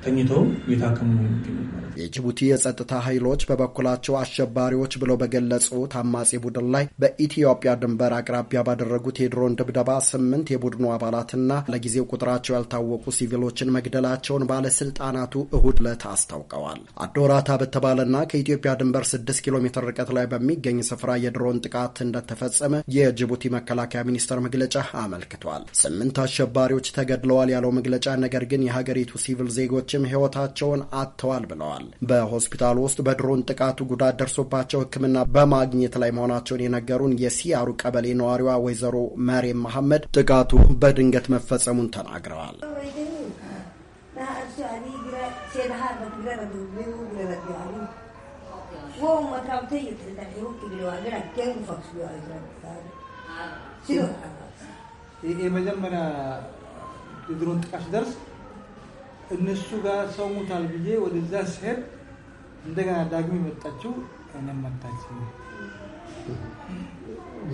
Speaker 9: ተኝተው እየታከሙ ነው ነው። የጅቡቲ
Speaker 10: የጸጥታ ኃይሎች በበኩላቸው አሸባሪዎች ብለው በገለጹት አማጺ ቡድን ላይ በኢትዮጵያ ድንበር አቅራቢያ ባደረጉት የድሮን ድብደባ ስምንት የቡድኑ አባላትና ለጊዜው ቁጥራቸው ያልታወቁ ሲቪሎችን መግደላቸውን ባለስልጣናቱ እሁድ ዕለት አስታውቀዋል። አዶራታ በተባለና ከኢትዮጵያ ድንበር ስድስት ኪሎ ሜትር ርቀት ላይ በሚገኝ ስፍራ የድሮን ጥቃት እንደተፈጸመ የጅቡቲ መከላከያ ሚኒስቴር መግለጫ አመልክቷል። ስምንት አሸባሪዎች ተገድለዋል ያለው መግለጫ ነገር ግን የሀገሪቱ ሲቪል ዜጎችም ሕይወታቸውን አጥተዋል ብለዋል። በሆስፒታል ውስጥ በድሮን ጥቃቱ ጉዳት ደርሶባቸው ሕክምና በማግኘት ላይ መሆናቸውን የነገሩን የሲያሩ ቀበሌ ነዋሪዋ ወይዘሮ መሬም መሐመድ ጥቃቱ በድንገት መፈጸሙን ተናግረዋል።
Speaker 9: የመጀመሪያ የድሮን ጥቃት ደርስ እነሱ ጋር ሰው ሙታል ብዬ ወደዛ ስሄድ እንደገና ዳግም የመጣችው እኔም መታችኝ።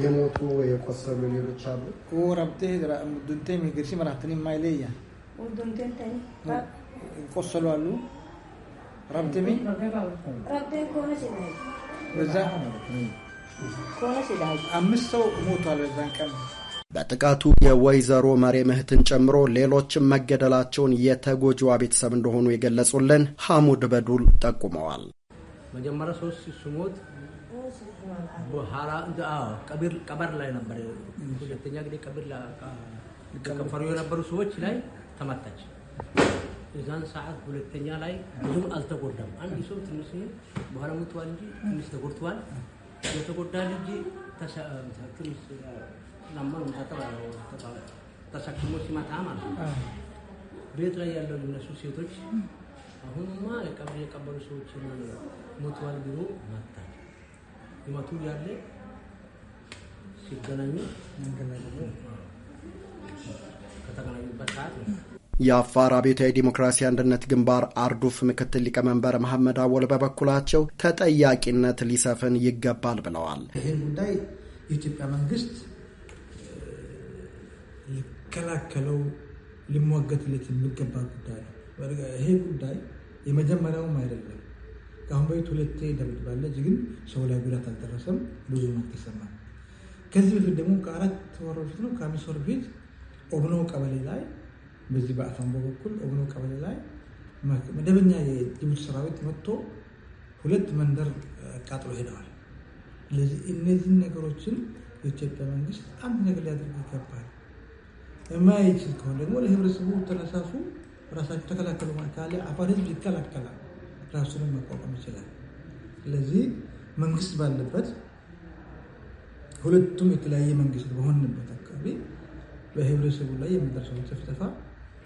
Speaker 10: የሞቱ የቆሰሉ ሌሎች አሉ።
Speaker 9: ረብቴ ዱንቴ ሚግርሲ መራትን የማይለያ ቆሰሉ አሉ። ረብቴሚ አምስት ሰው ሞቷል በዛን ቀን
Speaker 10: በጥቃቱ የወይዘሮ መሬምህትን ጨምሮ ሌሎችም መገደላቸውን የተጎጂዋ ቤተሰብ እንደሆኑ የገለጹልን ሐሙድ በዱል ጠቁመዋል።
Speaker 9: መጀመሪያ ሶስት ስሞት ቀበር ላይ ነበር። ሁለተኛ ጊዜ ቀበር ከፈሩ የነበሩ ሰዎች ላይ ተመታች። እዛን ሰዓት ሁለተኛ ላይ ብዙም አልተጎዳም። አንድ ሰው ትንሽ በኋላ ሙቷል እንጂ ትንሽ ተጎድተዋል። የተጎዳ ልጅ ትንሽ ላማ ነው ሲመጣ ማለት ነው። ቤት ላይ ያለው እነሱ ሴቶች አሁንማ የቀብር የቀበሩ ሰዎች ሞተዋል ብሎ ይመቱ ያለ ሲገናኙ ከተገናኙበት ሰዓት ነው።
Speaker 10: የአፋር አብዮታዊ ዲሞክራሲ አንድነት ግንባር አርዱፍ ምክትል ሊቀመንበር መሐመድ አወል በበኩላቸው ተጠያቂነት ሊሰፍን ይገባል ብለዋል።
Speaker 9: ይህን ጉዳይ የኢትዮጵያ መንግስት ሊከላከለው ሊሟገትለት የሚገባ ጉዳይ ነው። ይሄ ጉዳይ የመጀመሪያውም አይደለም። ከአሁን በፊት ሁለቴ ደብድባለች፣ ግን ሰው ላይ ጉዳት አልደረሰም፣ ብዙ አልተሰማም። ከዚህ በፊት ደግሞ ከአራት ወር በፊት ነው ከአምስት ወር በፊት ኦብኖ ቀበሌ ላይ በዚህ በአፋንቦ በኩል ኦብኖ ቀበሌ ላይ መደበኛ የጅቡቲ ሰራዊት መጥቶ ሁለት መንደር ቃጥሎ ሄደዋል። ስለዚህ እነዚህን ነገሮችን የኢትዮጵያ መንግስት አንድ ነገር ሊያደርግ ይገባል። የማይችል ከሆነ ደግሞ ለህብረተሰቡ ተነሳሱ፣ ራሳቸው ተከላከሉ ካለ አፋር ህዝብ ይከላከላል፣ ራሱንም መቋቋም ይችላል። ስለዚህ መንግስት ባለበት ሁለቱም የተለያየ መንግስት በሆንበት አካባቢ በህብረተሰቡ ላይ የሚደርሰውን ጭፍጨፋ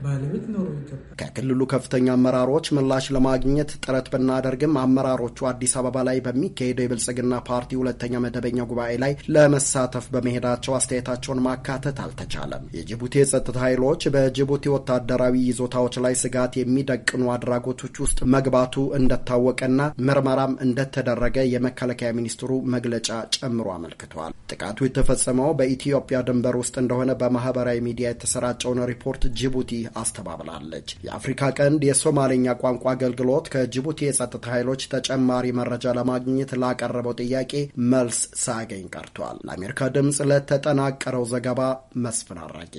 Speaker 9: ባለቤት ኖሮ ይገባል።
Speaker 10: ከክልሉ ከፍተኛ አመራሮች ምላሽ ለማግኘት ጥረት ብናደርግም አመራሮቹ አዲስ አበባ ላይ በሚካሄደው የብልጽግና ፓርቲ ሁለተኛ መደበኛ ጉባኤ ላይ ለመሳተፍ በመሄዳቸው አስተያየታቸውን ማካተት አልተቻለም። የጅቡቲ የጸጥታ ኃይሎች በጅቡቲ ወታደራዊ ይዞታዎች ላይ ስጋት የሚደቅኑ አድራጎቶች ውስጥ መግባቱ እንደታወቀና ምርመራም እንደተደረገ የመከላከያ ሚኒስትሩ መግለጫ ጨምሮ አመልክቷል። ጥቃቱ የተፈጸመው በኢትዮጵያ ድንበር ውስጥ እንደሆነ በማህበራዊ ሚዲያ የተሰራጨውን ሪፖርት ጅቡቲ አስተባብላለች። የአፍሪካ ቀንድ የሶማሌኛ ቋንቋ አገልግሎት ከጅቡቲ የጸጥታ ኃይሎች ተጨማሪ መረጃ ለማግኘት ላቀረበው ጥያቄ መልስ ሳያገኝ ቀርቷል። ለአሜሪካ ድምፅ ለተጠናቀረው ዘገባ መስፍን አራጌ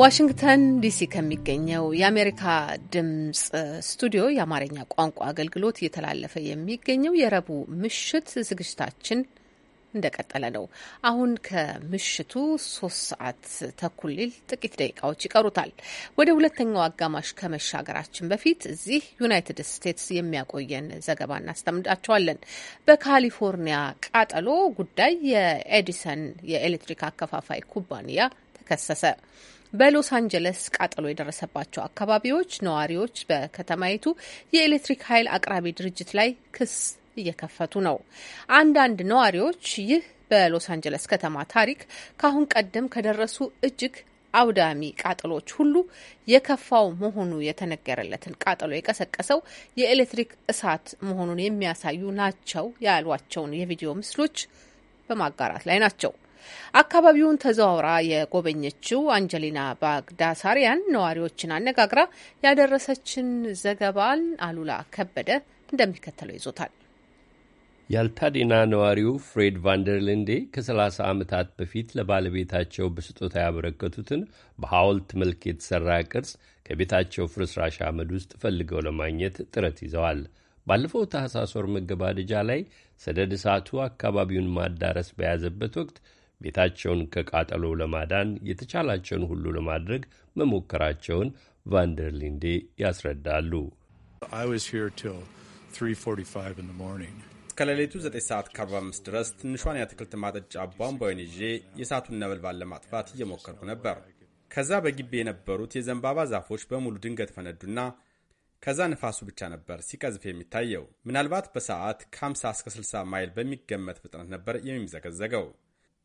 Speaker 1: ዋሽንግተን ዲሲ ከሚገኘው የአሜሪካ ድምጽ ስቱዲዮ የአማርኛ ቋንቋ አገልግሎት እየተላለፈ የሚገኘው የረቡዕ ምሽት ዝግጅታችን እንደቀጠለ ነው። አሁን ከምሽቱ ሶስት ሰዓት ተኩል ሊል ጥቂት ደቂቃዎች ይቀሩታል። ወደ ሁለተኛው አጋማሽ ከመሻገራችን በፊት እዚህ ዩናይትድ ስቴትስ የሚያቆየን ዘገባ እናስተምዳቸዋለን። በካሊፎርኒያ ቃጠሎ ጉዳይ የኤዲሰን የኤሌክትሪክ አከፋፋይ ኩባንያ ተከሰሰ። በሎስ አንጀለስ ቃጠሎ የደረሰባቸው አካባቢዎች ነዋሪዎች በከተማይቱ የኤሌክትሪክ ኃይል አቅራቢ ድርጅት ላይ ክስ እየከፈቱ ነው። አንዳንድ ነዋሪዎች ይህ በሎስ አንጀለስ ከተማ ታሪክ ከአሁን ቀደም ከደረሱ እጅግ አውዳሚ ቃጠሎች ሁሉ የከፋው መሆኑ የተነገረለትን ቃጠሎ የቀሰቀሰው የኤሌክትሪክ እሳት መሆኑን የሚያሳዩ ናቸው ያሏቸውን የቪዲዮ ምስሎች በማጋራት ላይ ናቸው። አካባቢውን ተዘዋውራ የጎበኘችው አንጀሊና ባግዳሳሪያን ነዋሪዎችን አነጋግራ ያደረሰችን ዘገባን አሉላ ከበደ እንደሚከተለው ይዞታል።
Speaker 4: ያልታዴና ነዋሪው ፍሬድ ቫንደርሌንዴ ከ30 ዓመታት በፊት ለባለቤታቸው በስጦታ ያበረከቱትን በሐውልት መልክ የተሠራ ቅርጽ ከቤታቸው ፍርስራሽ አመድ ውስጥ ፈልገው ለማግኘት ጥረት ይዘዋል። ባለፈው ታህሳስ ወር መገባደጃ ላይ ሰደድ እሳቱ አካባቢውን ማዳረስ በያዘበት ወቅት ቤታቸውን ከቃጠሎ ለማዳን የተቻላቸውን ሁሉ ለማድረግ መሞከራቸውን ቫንደርሊንዴ ያስረዳሉ።
Speaker 7: ከሌሊቱ 9 ሰዓት ከ45 ድረስ ትንሿን የአትክልት ማጠጫ ቧንቧውን ይዤ የእሳቱን ነበልባል ለማጥፋት እየሞከርኩ ነበር። ከዛ በግቢ የነበሩት የዘንባባ ዛፎች በሙሉ ድንገት ፈነዱና ከዛ ንፋሱ ብቻ ነበር ሲቀዝፍ የሚታየው። ምናልባት በሰዓት ከ50 እስከ 60 ማይል በሚገመት ፍጥነት ነበር የሚዘገዘገው።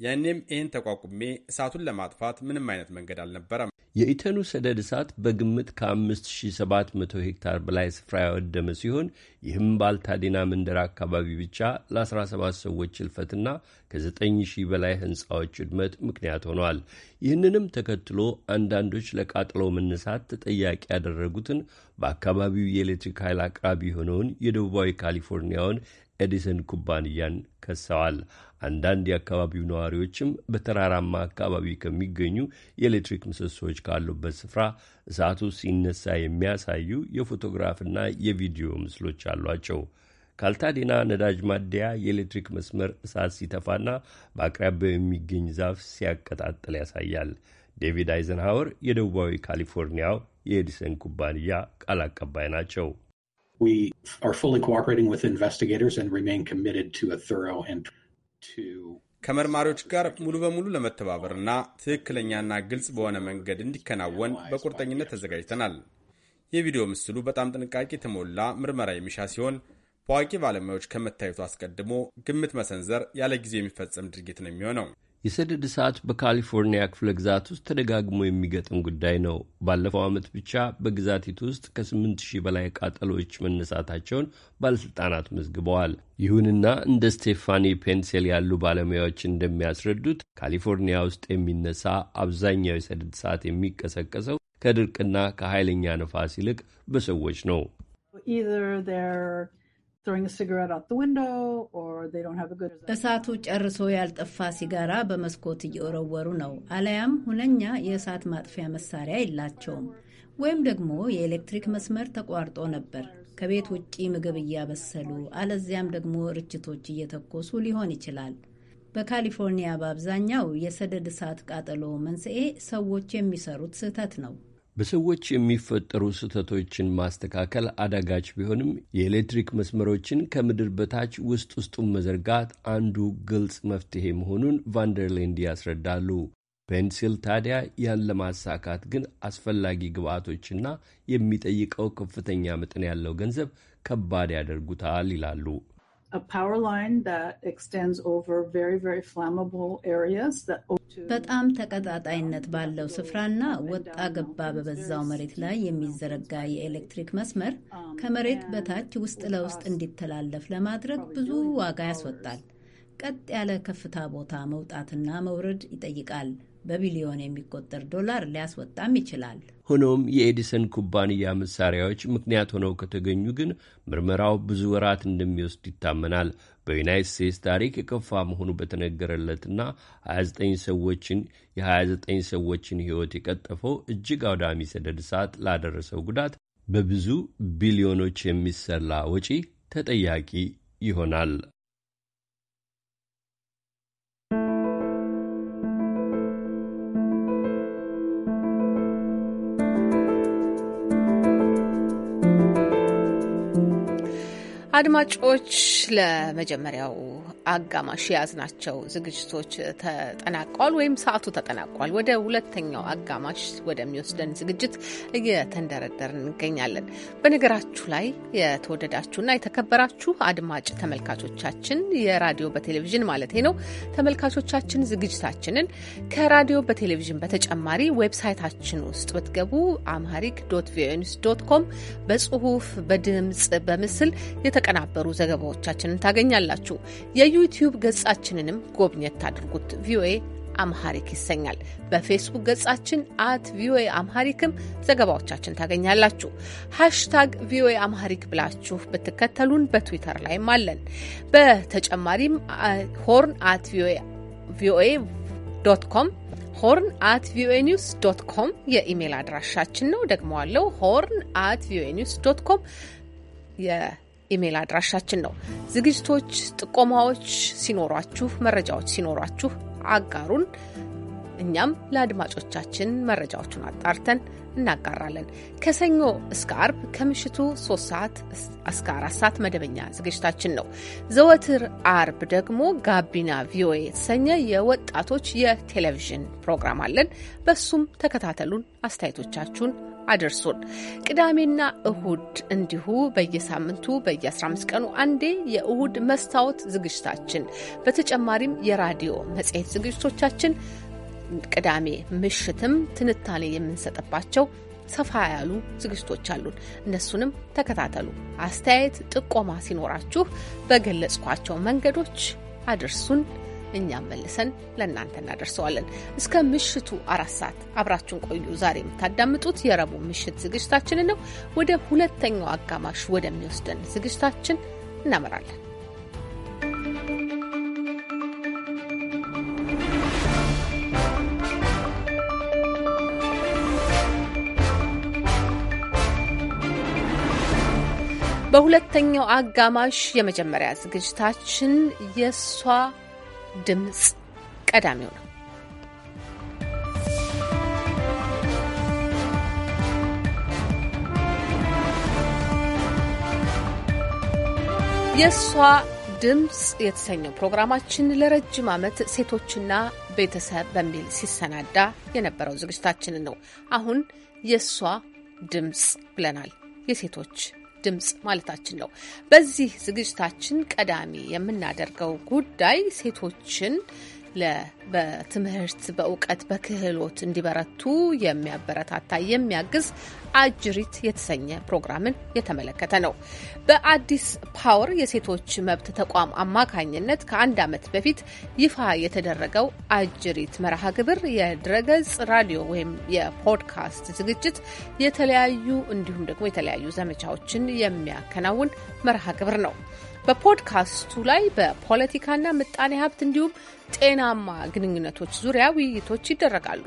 Speaker 7: ያኔም ይህን ተቋቁሜ እሳቱን ለማጥፋት ምንም አይነት መንገድ አልነበረም።
Speaker 4: የኢተኑ ሰደድ እሳት በግምት ከ5700 ሄክታር በላይ ስፍራ ያወደመ ሲሆን ይህም ባልታዴና መንደር አካባቢ ብቻ ለ17 ሰዎች እልፈትና ከ9000 በላይ ህንፃዎች ውድመት ምክንያት ሆኗል። ይህንንም ተከትሎ አንዳንዶች ለቃጥሎ መነሳት ተጠያቂ ያደረጉትን በአካባቢው የኤሌክትሪክ ኃይል አቅራቢ የሆነውን የደቡባዊ ካሊፎርኒያውን ኤዲሰን ኩባንያን ከሰዋል። አንዳንድ የአካባቢው ነዋሪዎችም በተራራማ አካባቢ ከሚገኙ የኤሌክትሪክ ምሰሶዎች ካሉበት ስፍራ እሳቱ ሲነሳ የሚያሳዩ የፎቶግራፍና የቪዲዮ ምስሎች አሏቸው። ካልታዴና ነዳጅ ማደያ የኤሌክትሪክ መስመር እሳት ሲተፋና በአቅራቢያው የሚገኝ ዛፍ ሲያቀጣጥል ያሳያል። ዴቪድ አይዘንሃወር የደቡባዊ ካሊፎርኒያው የኤዲሰን ኩባንያ ቃል አቀባይ ናቸው።
Speaker 7: We are fully cooperating with investigators and remain committed to a thorough and ከመርማሪዎች ጋር ሙሉ በሙሉ ለመተባበርና ትክክለኛና ግልጽ በሆነ መንገድ እንዲከናወን በቁርጠኝነት ተዘጋጅተናል። የቪዲዮ ምስሉ በጣም ጥንቃቄ የተሞላ ምርመራ የሚሻ ሲሆን በአዋቂ ባለሙያዎች ከመታየቱ አስቀድሞ ግምት መሰንዘር ያለ ጊዜ የሚፈጸም ድርጊት ነው የሚሆነው።
Speaker 4: የሰደድ እሳት በካሊፎርኒያ ክፍለ ግዛት ውስጥ ተደጋግሞ የሚገጥም ጉዳይ ነው። ባለፈው ዓመት ብቻ በግዛቲቱ ውስጥ ከ8 ሺህ በላይ ቃጠሎች መነሳታቸውን ባለሥልጣናት መዝግበዋል። ይሁንና እንደ ስቴፋኒ ፔንሴል ያሉ ባለሙያዎች እንደሚያስረዱት ካሊፎርኒያ ውስጥ የሚነሳ አብዛኛው የሰደድ እሳት የሚቀሰቀሰው ከድርቅና ከኃይለኛ ነፋስ ይልቅ በሰዎች ነው።
Speaker 3: እሳቱ ጨርሶ ያልጠፋ ሲጋራ በመስኮት እየወረወሩ ነው። አለያም ሁነኛ የእሳት ማጥፊያ መሳሪያ የላቸውም። ወይም ደግሞ የኤሌክትሪክ መስመር ተቋርጦ ነበር። ከቤት ውጪ ምግብ እያበሰሉ አለዚያም ደግሞ ርችቶች እየተኮሱ ሊሆን ይችላል። በካሊፎርኒያ በአብዛኛው የሰደድ እሳት ቃጠሎ መንስኤ ሰዎች የሚሰሩት ስህተት ነው።
Speaker 4: በሰዎች የሚፈጠሩ ስህተቶችን ማስተካከል አዳጋች ቢሆንም የኤሌክትሪክ መስመሮችን ከምድር በታች ውስጥ ውስጡን መዘርጋት አንዱ ግልጽ መፍትሔ መሆኑን ቫንደርሌንድ ያስረዳሉ። ፔንሲል ታዲያ ያን ለማሳካት ግን አስፈላጊ ግብአቶችና የሚጠይቀው ከፍተኛ መጠን ያለው ገንዘብ ከባድ ያደርጉታል ይላሉ።
Speaker 3: በጣም ተቀጣጣይነት ባለው ስፍራና ወጣ ገባ በበዛው መሬት ላይ የሚዘረጋ የኤሌክትሪክ መስመር ከመሬት በታች ውስጥ ለውስጥ እንዲተላለፍ ለማድረግ ብዙ ዋጋ ያስወጣል። ቀጥ ያለ ከፍታ ቦታ መውጣትና መውረድ ይጠይቃል። በቢሊዮን የሚቆጠር ዶላር ሊያስወጣም ይችላል።
Speaker 4: ሆኖም የኤዲሰን ኩባንያ መሳሪያዎች ምክንያት ሆነው ከተገኙ ግን ምርመራው ብዙ ወራት እንደሚወስድ ይታመናል። በዩናይት ስቴትስ ታሪክ የከፋ መሆኑ በተነገረለትና 29 ሰዎችን የ29 ሰዎችን ሕይወት የቀጠፈው እጅግ አውዳሚ ሰደድ እሳት ላደረሰው ጉዳት በብዙ ቢሊዮኖች የሚሰላ ወጪ ተጠያቂ ይሆናል።
Speaker 1: አድማጮች ለመጀመሪያው አጋማሽ የያዝናቸው ዝግጅቶች ተጠናቋል፣ ወይም ሰዓቱ ተጠናቋል። ወደ ሁለተኛው አጋማሽ ወደሚወስደን ዝግጅት እየተንደረደር እንገኛለን። በነገራችሁ ላይ የተወደዳችሁና የተከበራችሁ አድማጭ ተመልካቾቻችን የራዲዮ በቴሌቪዥን ማለት ነው ተመልካቾቻችን ዝግጅታችንን ከራዲዮ በቴሌቪዥን በተጨማሪ ዌብሳይታችን ውስጥ ብትገቡ አምሃሪክ ዶት ቪኦኤ ኒውስ ዶት ኮም በጽሁፍ በድምጽ በምስል የተቀናበሩ ዘገባዎቻችንን ታገኛላችሁ። የዩቲዩብ ገጻችንንም ጎብኘት አድርጉት። ቪኦኤ አምሃሪክ ይሰኛል። በፌስቡክ ገጻችን አት ቪኦኤ አምሃሪክም ዘገባዎቻችን ታገኛላችሁ። ሃሽታግ ቪኦኤ አምሃሪክ ብላችሁ ብትከተሉን በትዊተር ላይም አለን። በተጨማሪም ሆርን አት ቪኦኤ ዶት ኮም ሆርን አት ቪኦኤ ኒውስ ዶት ኮም የኢሜይል አድራሻችን ነው። ደግመዋለው ሆርን አት ቪኦኤ ኒውስ ዶት ኮም ኢሜይል አድራሻችን ነው። ዝግጅቶች፣ ጥቆማዎች ሲኖሯችሁ፣ መረጃዎች ሲኖሯችሁ አጋሩን። እኛም ለአድማጮቻችን መረጃዎቹን አጣርተን እናጋራለን። ከሰኞ እስከ አርብ ከምሽቱ 3 ሰዓት እስከ 4 ሰዓት መደበኛ ዝግጅታችን ነው። ዘወትር አርብ ደግሞ ጋቢና ቪኦኤ የተሰኘ የወጣቶች የቴሌቪዥን ፕሮግራም አለን። በሱም ተከታተሉን። አስተያየቶቻችሁን አድርሱን። ቅዳሜና እሁድ እንዲሁ በየሳምንቱ በየ15 ቀኑ አንዴ የእሁድ መስታወት ዝግጅታችን፣ በተጨማሪም የራዲዮ መጽሔት ዝግጅቶቻችን ቅዳሜ ምሽትም ትንታኔ የምንሰጥባቸው ሰፋ ያሉ ዝግጅቶች አሉን። እነሱንም ተከታተሉ። አስተያየት ጥቆማ ሲኖራችሁ በገለጽኳቸው መንገዶች አድርሱን። እኛም መልሰን ለእናንተ እናደርሰዋለን። እስከ ምሽቱ አራት ሰዓት አብራችሁን ቆዩ። ዛሬ የምታዳምጡት የረቡዕ ምሽት ዝግጅታችንን ነው። ወደ ሁለተኛው አጋማሽ ወደሚወስደን ዝግጅታችን እናመራለን። በሁለተኛው አጋማሽ የመጀመሪያ ዝግጅታችን የእሷ ድምፅ ቀዳሚው ነው። የእሷ ድምፅ የተሰኘው ፕሮግራማችን ለረጅም ዓመት ሴቶችና ቤተሰብ በሚል ሲሰናዳ የነበረው ዝግጅታችንን ነው አሁን የእሷ ድምፅ ብለናል። የሴቶች ድምፅ ማለታችን ነው። በዚህ ዝግጅታችን ቀዳሚ የምናደርገው ጉዳይ ሴቶችን በትምህርት፣ በእውቀት፣ በክህሎት እንዲበረቱ የሚያበረታታ የሚያግዝ አጅሪት የተሰኘ ፕሮግራምን የተመለከተ ነው። በአዲስ ፓወር የሴቶች መብት ተቋም አማካኝነት ከአንድ ዓመት በፊት ይፋ የተደረገው አጅሪት መርሃ ግብር የድረገጽ፣ ራዲዮ ወይም የፖድካስት ዝግጅት የተለያዩ እንዲሁም ደግሞ የተለያዩ ዘመቻዎችን የሚያከናውን መርሃ ግብር ነው። በፖድካስቱ ላይ በፖለቲካና ምጣኔ ሀብት እንዲሁም ጤናማ ግንኙነቶች ዙሪያ ውይይቶች ይደረጋሉ።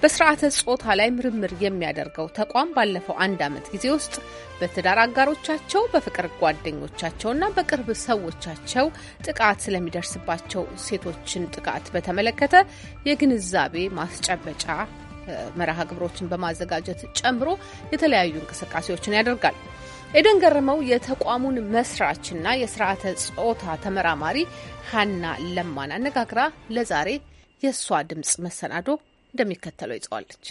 Speaker 1: በስርዓተ ጾታ ላይ ምርምር የሚያደርገው ተቋም ባለፈው አንድ ዓመት ጊዜ ውስጥ በትዳር አጋሮቻቸው፣ በፍቅር ጓደኞቻቸውና በቅርብ ሰዎቻቸው ጥቃት ስለሚደርስባቸው ሴቶችን ጥቃት በተመለከተ የግንዛቤ ማስጨበጫ መርሃ ግብሮችን በማዘጋጀት ጨምሮ የተለያዩ እንቅስቃሴዎችን ያደርጋል። ኤደን ገረመው የተቋሙን መስራችና የስርዓተ ጾታ ተመራማሪ ሀና ለማን አነጋግራ ለዛሬ የእሷ ድምፅ መሰናዶ እንደሚከተለው ይጸዋለች።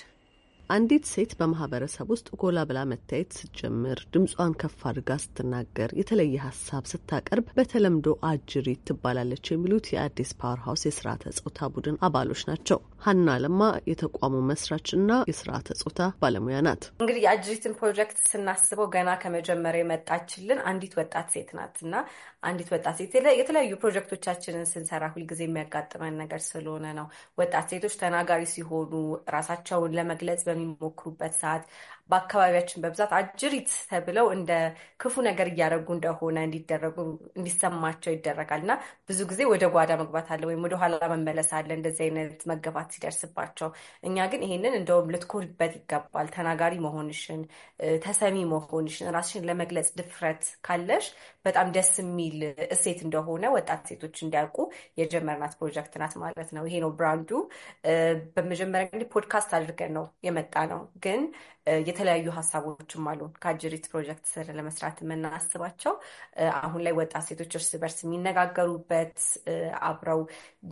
Speaker 11: አንዲት ሴት በማህበረሰብ ውስጥ ጎላ ብላ መታየት ስትጀምር ድምጿን ከፍ አድርጋ ስትናገር፣ የተለየ ሀሳብ ስታቀርብ በተለምዶ አጅሪት ትባላለች የሚሉት የአዲስ ፓወር ሀውስ የስርዓተ ጾታ ቡድን አባሎች ናቸው። ሀና ለማ የተቋሙ መስራች እና የስርዓተ ጾታ ባለሙያ ናት።
Speaker 12: እንግዲህ የአጅሪትን ፕሮጀክት ስናስበው ገና ከመጀመሪያ የመጣችልን አንዲት ወጣት ሴት ናት እና አንዲት ወጣት ሴት የተለያዩ ፕሮጀክቶቻችንን ስንሰራ ሁልጊዜ የሚያጋጥመን ነገር ስለሆነ ነው። ወጣት ሴቶች ተናጋሪ ሲሆኑ ራሳቸውን ለመግለጽ በሚሞክሩበት ሰዓት በአካባቢያችን በብዛት አጅሪት ተብለው እንደ ክፉ ነገር እያደረጉ እንደሆነ እንዲደረጉ እንዲሰማቸው ይደረጋል እና ብዙ ጊዜ ወደ ጓዳ መግባት አለ ወይም ወደ ኋላ መመለስ አለ እንደዚህ አይነት መገፋት ሲደርስባቸው። እኛ ግን ይሄንን እንደውም ልትኮሪበት ይገባል። ተናጋሪ መሆንሽን፣ ተሰሚ መሆንሽን፣ ራስሽን ለመግለጽ ድፍረት ካለሽ በጣም ደስ የሚል እሴት እንደሆነ ወጣት ሴቶች እንዲያውቁ የጀመርናት ፕሮጀክት ናት ማለት ነው። ይሄ ነው ብራንዱ። በመጀመሪያ እንግዲህ ፖድካስት አድርገን ነው የመጣ ነው ግን የተለያዩ ሀሳቦችም አሉ ከአጅሪት ፕሮጀክት ስር ለመስራት የምናስባቸው አሁን ላይ ወጣት ሴቶች እርስ በርስ የሚነጋገሩበት አብረው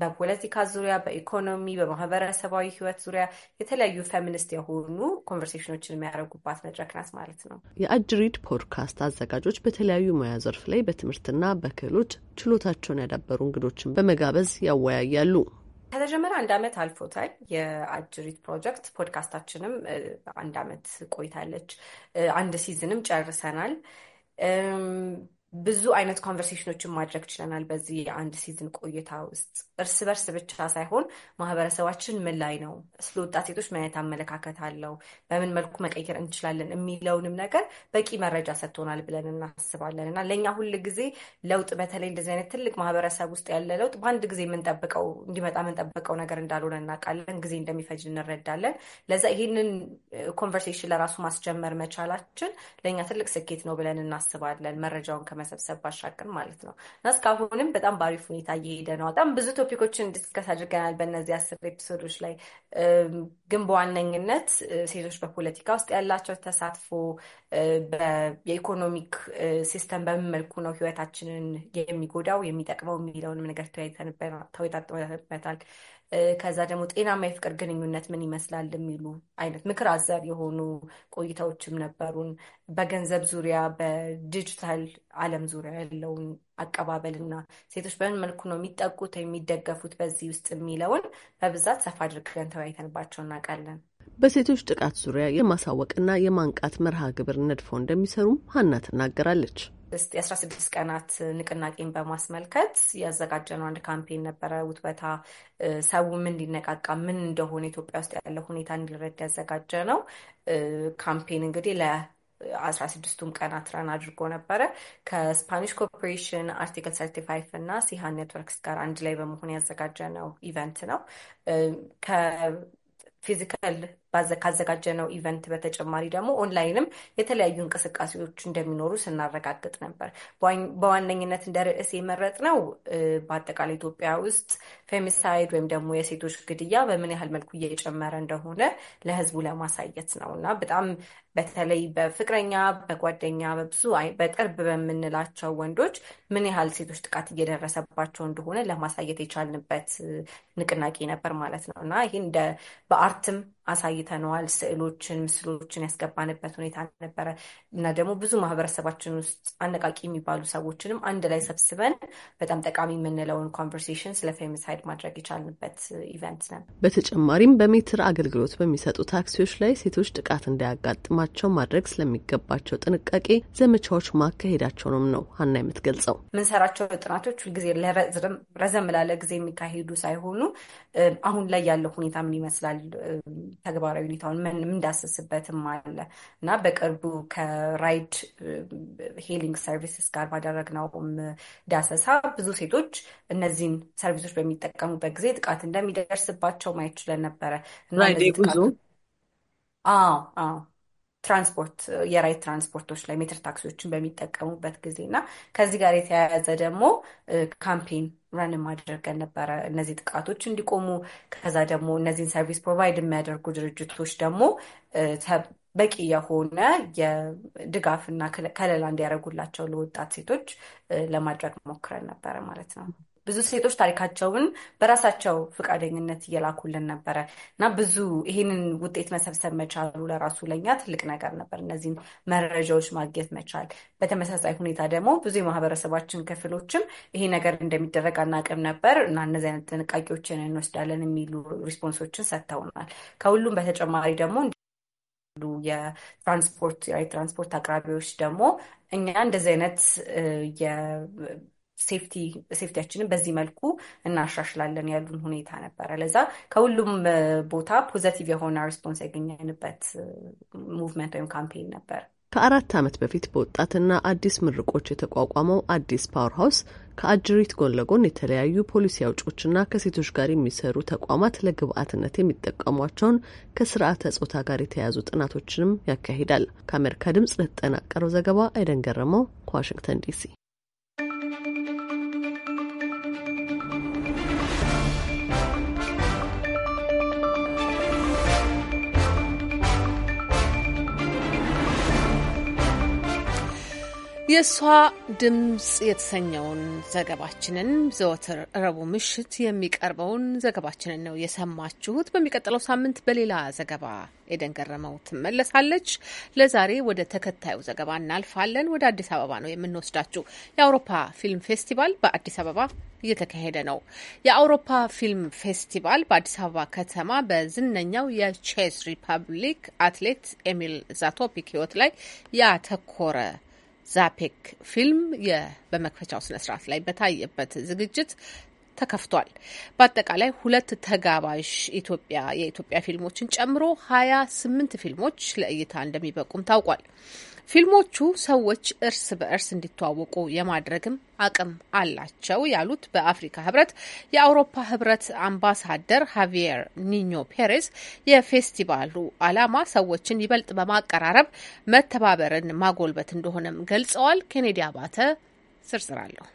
Speaker 12: በፖለቲካ ዙሪያ፣ በኢኮኖሚ፣ በማህበረሰባዊ ህይወት ዙሪያ የተለያዩ ፌሚኒስት የሆኑ ኮንቨርሴሽኖችን የሚያደርጉባት መድረክ ናት ማለት ነው።
Speaker 11: የአጅሪት ፖድካስት አዘጋጆች በተለያዩ ሙያ ዘርፍ ላይ በትምህርትና በክህሎት ችሎታቸውን ያዳበሩ እንግዶችን በመጋበዝ ያወያያሉ።
Speaker 12: ከተጀመረ አንድ ዓመት አልፎታል። የአጅሪት ፕሮጀክት ፖድካስታችንም አንድ ዓመት ቆይታለች። አንድ ሲዝንም ጨርሰናል። ብዙ አይነት ኮንቨርሴሽኖችን ማድረግ ችለናል። በዚህ የአንድ ሲዝን ቆይታ ውስጥ እርስ በርስ ብቻ ሳይሆን ማህበረሰባችን ምን ላይ ነው፣ ስለ ወጣት ሴቶች ምን አይነት አመለካከት አለው፣ በምን መልኩ መቀየር እንችላለን የሚለውንም ነገር በቂ መረጃ ሰጥቶናል ብለን እናስባለን እና ለእኛ ሁል ጊዜ ለውጥ በተለይ እንደዚህ አይነት ትልቅ ማህበረሰብ ውስጥ ያለ ለውጥ በአንድ ጊዜ የምንጠብቀው እንዲመጣ የምንጠብቀው ነገር እንዳልሆነ እናውቃለን። ጊዜ እንደሚፈጅ እንረዳለን። ለዛ ይህንን ኮንቨርሴሽን ለራሱ ማስጀመር መቻላችን ለእኛ ትልቅ ስኬት ነው ብለን እናስባለን መረጃውን ከመሰብሰብ ባሻገር ማለት ነው እና እስካሁንም በጣም በአሪፍ ሁኔታ እየሄደ ነው። በጣም ብዙ ቶፒኮችን ዲስከስ አድርገናል በእነዚህ አስር ኤፒሶዶች ላይ ግን በዋነኝነት ሴቶች በፖለቲካ ውስጥ ያላቸው ተሳትፎ፣ የኢኮኖሚክ ሲስተም በምን መልኩ ነው ህይወታችንን የሚጎዳው የሚጠቅመው የሚለውንም ነገር ተወያይተንበታል። ከዛ ደግሞ ጤናማ የፍቅር ግንኙነት ምን ይመስላል የሚሉ አይነት ምክር አዘል የሆኑ ቆይታዎችም ነበሩን። በገንዘብ ዙሪያ፣ በዲጂታል ዓለም ዙሪያ ያለውን አቀባበልና ሴቶች በምን መልኩ ነው የሚጠቁት የሚደገፉት በዚህ ውስጥ የሚለውን በብዛት ሰፋ አድርገን ተወያይተንባቸው እናውቃለን።
Speaker 11: በሴቶች ጥቃት ዙሪያ የማሳወቅና የማንቃት መርሃ ግብር ነድፈው እንደሚሰሩም ሀና ትናገራለች።
Speaker 12: የአስራ ስድስት ቀናት ንቅናቄን በማስመልከት ያዘጋጀነው አንድ ካምፔን ነበረ። ውትበታ ምን እንዲነቃቃ ምን እንደሆነ ኢትዮጵያ ውስጥ ያለው ሁኔታ እንዲረዳ ያዘጋጀ ነው ካምፔን እንግዲህ ለ አስራ ስድስቱም ቀናት ረን አድርጎ ነበረ። ከስፓኒሽ ኮርፖሬሽን አርቲክል ሰርቲ ፋይቭ እና ሲሃን ኔትወርክስ ጋር አንድ ላይ በመሆን ያዘጋጀ ነው ኢቨንት ነው። ከፊዚካል ካዘጋጀነው ኢቨንት በተጨማሪ ደግሞ ኦንላይንም የተለያዩ እንቅስቃሴዎች እንደሚኖሩ ስናረጋግጥ ነበር። በዋነኝነት እንደ ርዕስ የመረጥ ነው። በአጠቃላይ ኢትዮጵያ ውስጥ ፌሚሳይድ ወይም ደግሞ የሴቶች ግድያ በምን ያህል መልኩ እየጨመረ እንደሆነ ለህዝቡ ለማሳየት ነው እና በጣም በተለይ በፍቅረኛ፣ በጓደኛ፣ በብዙ በቅርብ በምንላቸው ወንዶች ምን ያህል ሴቶች ጥቃት እየደረሰባቸው እንደሆነ ለማሳየት የቻልንበት ንቅናቄ ነበር ማለት ነው እና ይህ እንደ በአርትም አሳይተነዋል። ስዕሎችን፣ ምስሎችን ያስገባንበት ሁኔታ ነበረ እና ደግሞ ብዙ ማህበረሰባችን ውስጥ አነቃቂ የሚባሉ ሰዎችንም አንድ ላይ ሰብስበን በጣም ጠቃሚ የምንለውን ኮንቨርሴሽን ስለ ፌሚሳይድ ማድረግ የቻልንበት ኢቨንት
Speaker 11: ነበር። በተጨማሪም በሜትር አገልግሎት በሚሰጡ ታክሲዎች ላይ ሴቶች ጥቃት እንዳያጋጥማ ከተማቸው ማድረግ ስለሚገባቸው ጥንቃቄ ዘመቻዎች ማካሄዳቸውንም ነው ሀና የምትገልጸው።
Speaker 12: ምንሰራቸው ጥናቶች ሁልጊዜ ረዘም ላለ ጊዜ የሚካሄዱ ሳይሆኑ አሁን ላይ ያለው ሁኔታ ምን ይመስላል፣ ተግባራዊ ሁኔታውን እንዳስስበትም አለ እና በቅርቡ ከራይድ ሄሊንግ ሰርቪስስ ጋር ባደረግነው ዳሰሳ ብዙ ሴቶች እነዚህን ሰርቪሶች በሚጠቀሙበት ጊዜ ጥቃት እንደሚደርስባቸው ማየት ችለን ነበረ። ትራንስፖርት የራይት ትራንስፖርቶች ላይ ሜትር ታክሲዎችን በሚጠቀሙበት ጊዜ እና ከዚህ ጋር የተያያዘ ደግሞ ካምፔን ረን ማድረግ ነበረ። እነዚህ ጥቃቶች እንዲቆሙ ከዛ ደግሞ እነዚህን ሰርቪስ ፕሮቫይድ የሚያደርጉ ድርጅቶች ደግሞ በቂ የሆነ የድጋፍና ከለላ እንዲያደርጉላቸው ለወጣት ሴቶች ለማድረግ ሞክረን ነበረ ማለት ነው። ብዙ ሴቶች ታሪካቸውን በራሳቸው ፈቃደኝነት እየላኩልን ነበረ እና ብዙ ይህንን ውጤት መሰብሰብ መቻሉ ለራሱ ለኛ ትልቅ ነገር ነበር። እነዚህን መረጃዎች ማግኘት መቻል። በተመሳሳይ ሁኔታ ደግሞ ብዙ የማህበረሰባችን ክፍሎችም ይሄ ነገር እንደሚደረግ አናቅም ነበር እና እነዚህ አይነት ጥንቃቄዎችን እንወስዳለን የሚሉ ሪስፖንሶችን ሰጥተውናል። ከሁሉም በተጨማሪ ደግሞ የትራንስፖርት የትራንስፖርት አቅራቢዎች ደግሞ እኛ እንደዚህ አይነት ሴፍቲ ሴፍቲያችንን በዚህ መልኩ እናሻሽላለን ያሉን ሁኔታ ነበረ። ለዛ ከሁሉም ቦታ ፖዘቲቭ የሆነ ሪስፖንስ ያገኘንበት ሙቭመንት ወይም ካምፔን ነበር።
Speaker 11: ከአራት ዓመት በፊት በወጣትና አዲስ ምርቆች የተቋቋመው አዲስ ፓወር ሀውስ ከአጅሪት ጎን ለጎን የተለያዩ ፖሊሲ አውጮችና ከሴቶች ጋር የሚሰሩ ተቋማት ለግብአትነት የሚጠቀሟቸውን ከስርዓተ ጾታ ጋር የተያያዙ ጥናቶችንም ያካሂዳል። ከአሜሪካ ድምጽ ለተጠናቀረው ዘገባ አይደን ገረመው ከዋሽንግተን ዲሲ
Speaker 1: የእሷ ድምፅ የተሰኘውን ዘገባችንን ዘወትር ረቡ ምሽት የሚቀርበውን ዘገባችንን ነው የሰማችሁት። በሚቀጥለው ሳምንት በሌላ ዘገባ ኤደን ገረመው ትመለሳለች። ለዛሬ ወደ ተከታዩ ዘገባ እናልፋለን። ወደ አዲስ አበባ ነው የምንወስዳችሁ። የአውሮፓ ፊልም ፌስቲቫል በአዲስ አበባ እየተካሄደ ነው። የአውሮፓ ፊልም ፌስቲቫል በአዲስ አበባ ከተማ በዝነኛው የቼስ ሪፐብሊክ አትሌት ኤሚል ዛቶፒክ ሕይወት ላይ ያተኮረ ዛፔክ ፊልም በመክፈቻው ስነስርዓት ላይ በታየበት ዝግጅት ተከፍቷል። በአጠቃላይ ሁለት ተጋባዥ ኢትዮጵያ የኢትዮጵያ ፊልሞችን ጨምሮ ሀያ ስምንት ፊልሞች ለእይታ እንደሚበቁም ታውቋል። ፊልሞቹ ሰዎች እርስ በእርስ እንዲተዋወቁ የማድረግም አቅም አላቸው ያሉት በአፍሪካ ህብረት የአውሮፓ ህብረት አምባሳደር ሃቪየር ኒኞ ፔሬዝ የፌስቲቫሉ ዓላማ ሰዎችን ይበልጥ በማቀራረብ መተባበርን ማጎልበት እንደሆነም ገልጸዋል። ኬኔዲ አባተ አለሁ።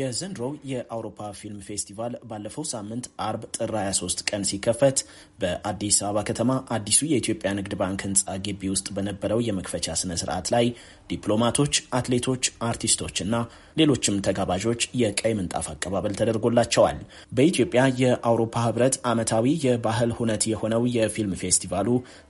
Speaker 13: የዘንድሮው የአውሮፓ ፊልም ፌስቲቫል ባለፈው ሳምንት አርብ ጥር 23 ቀን ሲከፈት በአዲስ አበባ ከተማ አዲሱ የኢትዮጵያ ንግድ ባንክ ህንፃ ግቢ ውስጥ በነበረው የመክፈቻ ስነ ስርዓት ላይ ዲፕሎማቶች፣ አትሌቶች፣ አርቲስቶች እና ሌሎችም ተጋባዦች የቀይ ምንጣፍ አቀባበል ተደርጎላቸዋል። በኢትዮጵያ የአውሮፓ ህብረት ዓመታዊ የባህል ሁነት የሆነው የፊልም ፌስቲቫሉ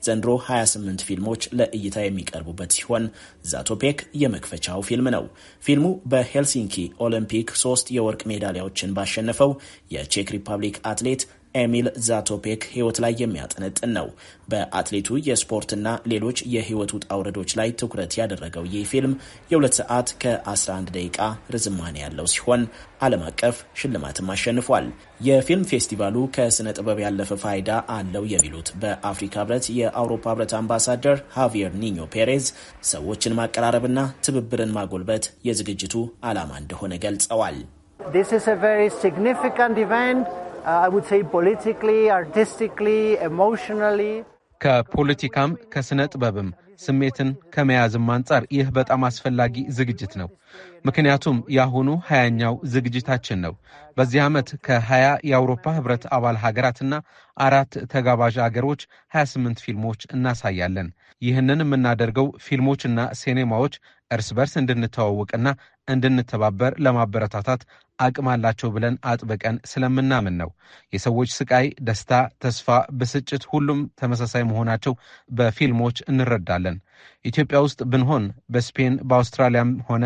Speaker 13: ዘንድሮ 28 ፊልሞች ለእይታ የሚቀርቡበት ሲሆን ዛቶፔክ የመክፈቻው ፊልም ነው። ፊልሙ በሄልሲንኪ ኦሎምፒክ ኦሎምፒክ ሶስት የወርቅ ሜዳሊያዎችን ባሸነፈው የቼክ ሪፐብሊክ አትሌት ኤሚል ዛቶፔክ ሕይወት ላይ የሚያጠነጥን ነው። በአትሌቱ የስፖርትና ሌሎች የሕይወት ውጣ ውረዶች ላይ ትኩረት ያደረገው ይህ ፊልም የሁለት ሰዓት ከ11 ደቂቃ ርዝማኔ ያለው ሲሆን ዓለም አቀፍ ሽልማትም አሸንፏል። የፊልም ፌስቲቫሉ ከስነ ጥበብ ያለፈ ፋይዳ አለው የሚሉት በአፍሪካ ህብረት የአውሮፓ ህብረት አምባሳደር ሃቪየር ኒኞ ፔሬዝ ሰዎችን ማቀራረብና ትብብርን ማጎልበት የዝግጅቱ ዓላማ እንደሆነ ገልጸዋል።
Speaker 10: Uh,
Speaker 6: ከፖለቲካም ከስነ ጥበብም ስሜትን ከመያዝም አንጻር ይህ በጣም አስፈላጊ ዝግጅት ነው። ምክንያቱም የአሁኑ ሀያኛው ዝግጅታችን ነው። በዚህ ዓመት ከሀያ የአውሮፓ ህብረት አባል ሀገራትና አራት ተጋባዥ አገሮች 28 ፊልሞች እናሳያለን። ይህንን የምናደርገው ፊልሞችና ሲኔማዎች እርስ በርስ እንድንተዋወቅና እንድንተባበር ለማበረታታት አቅም አላቸው ብለን አጥብቀን ስለምናምን ነው። የሰዎች ስቃይ፣ ደስታ፣ ተስፋ፣ ብስጭት ሁሉም ተመሳሳይ መሆናቸው በፊልሞች እንረዳለን። ኢትዮጵያ ውስጥ ብንሆን በስፔን በአውስትራሊያም ሆነ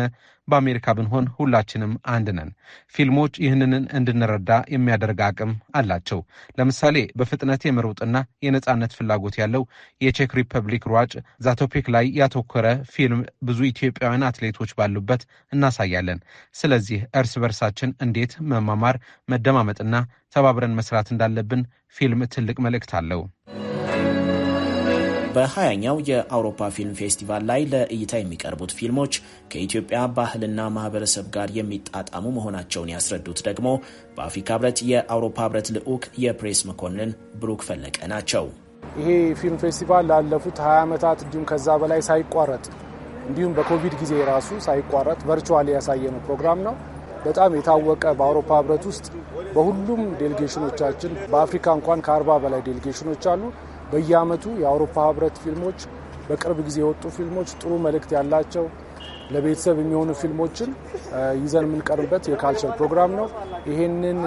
Speaker 6: በአሜሪካ ብንሆን ሁላችንም አንድ ነን። ፊልሞች ይህንንን እንድንረዳ የሚያደርግ አቅም አላቸው። ለምሳሌ በፍጥነት የመሮጥና የነፃነት ፍላጎት ያለው የቼክ ሪፐብሊክ ሯጭ ዛቶፒክ ላይ ያተኮረ ፊልም ብዙ ኢትዮጵያውያን አትሌቶች ባሉበት እናሳያለን። ስለዚህ እርስ በርሳችን እንዴት መማማር፣ መደማመጥና ተባብረን መስራት እንዳለብን ፊልም ትልቅ መልእክት አለው።
Speaker 13: በሀያኛው የአውሮፓ ፊልም ፌስቲቫል ላይ ለእይታ የሚቀርቡት ፊልሞች ከኢትዮጵያ ባህልና ማህበረሰብ ጋር የሚጣጣሙ መሆናቸውን ያስረዱት ደግሞ በአፍሪካ ህብረት የአውሮፓ ህብረት ልዑክ የፕሬስ መኮንን ብሩክ ፈለቀ ናቸው።
Speaker 8: ይሄ ፊልም ፌስቲቫል ላለፉት 20 ዓመታት እንዲሁም ከዛ በላይ ሳይቋረጥ እንዲሁም በኮቪድ ጊዜ ራሱ ሳይቋረጥ ቨርቹዋል ያሳየነው ፕሮግራም ነው። በጣም የታወቀ በአውሮፓ ህብረት ውስጥ በሁሉም ዴሌጌሽኖቻችን በአፍሪካ እንኳን ከአርባ በላይ ዴሌጌሽኖች አሉ። በየአመቱ የአውሮፓ ህብረት ፊልሞች፣ በቅርብ ጊዜ የወጡ ፊልሞች፣ ጥሩ መልእክት ያላቸው ለቤተሰብ የሚሆኑ ፊልሞችን ይዘን የምንቀርብበት የካልቸር ፕሮግራም ነው። ይሄንን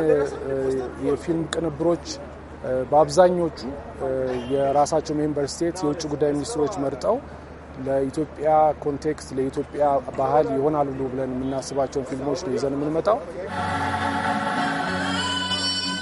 Speaker 8: የፊልም ቅንብሮች በአብዛኞቹ የራሳቸው ሜምበር ስቴት የውጭ ጉዳይ ሚኒስትሮች መርጠው ለኢትዮጵያ ኮንቴክስት ለኢትዮጵያ ባህል ይሆናሉ ብለን የምናስባቸውን ፊልሞች ነው ይዘን
Speaker 13: የምንመጣው።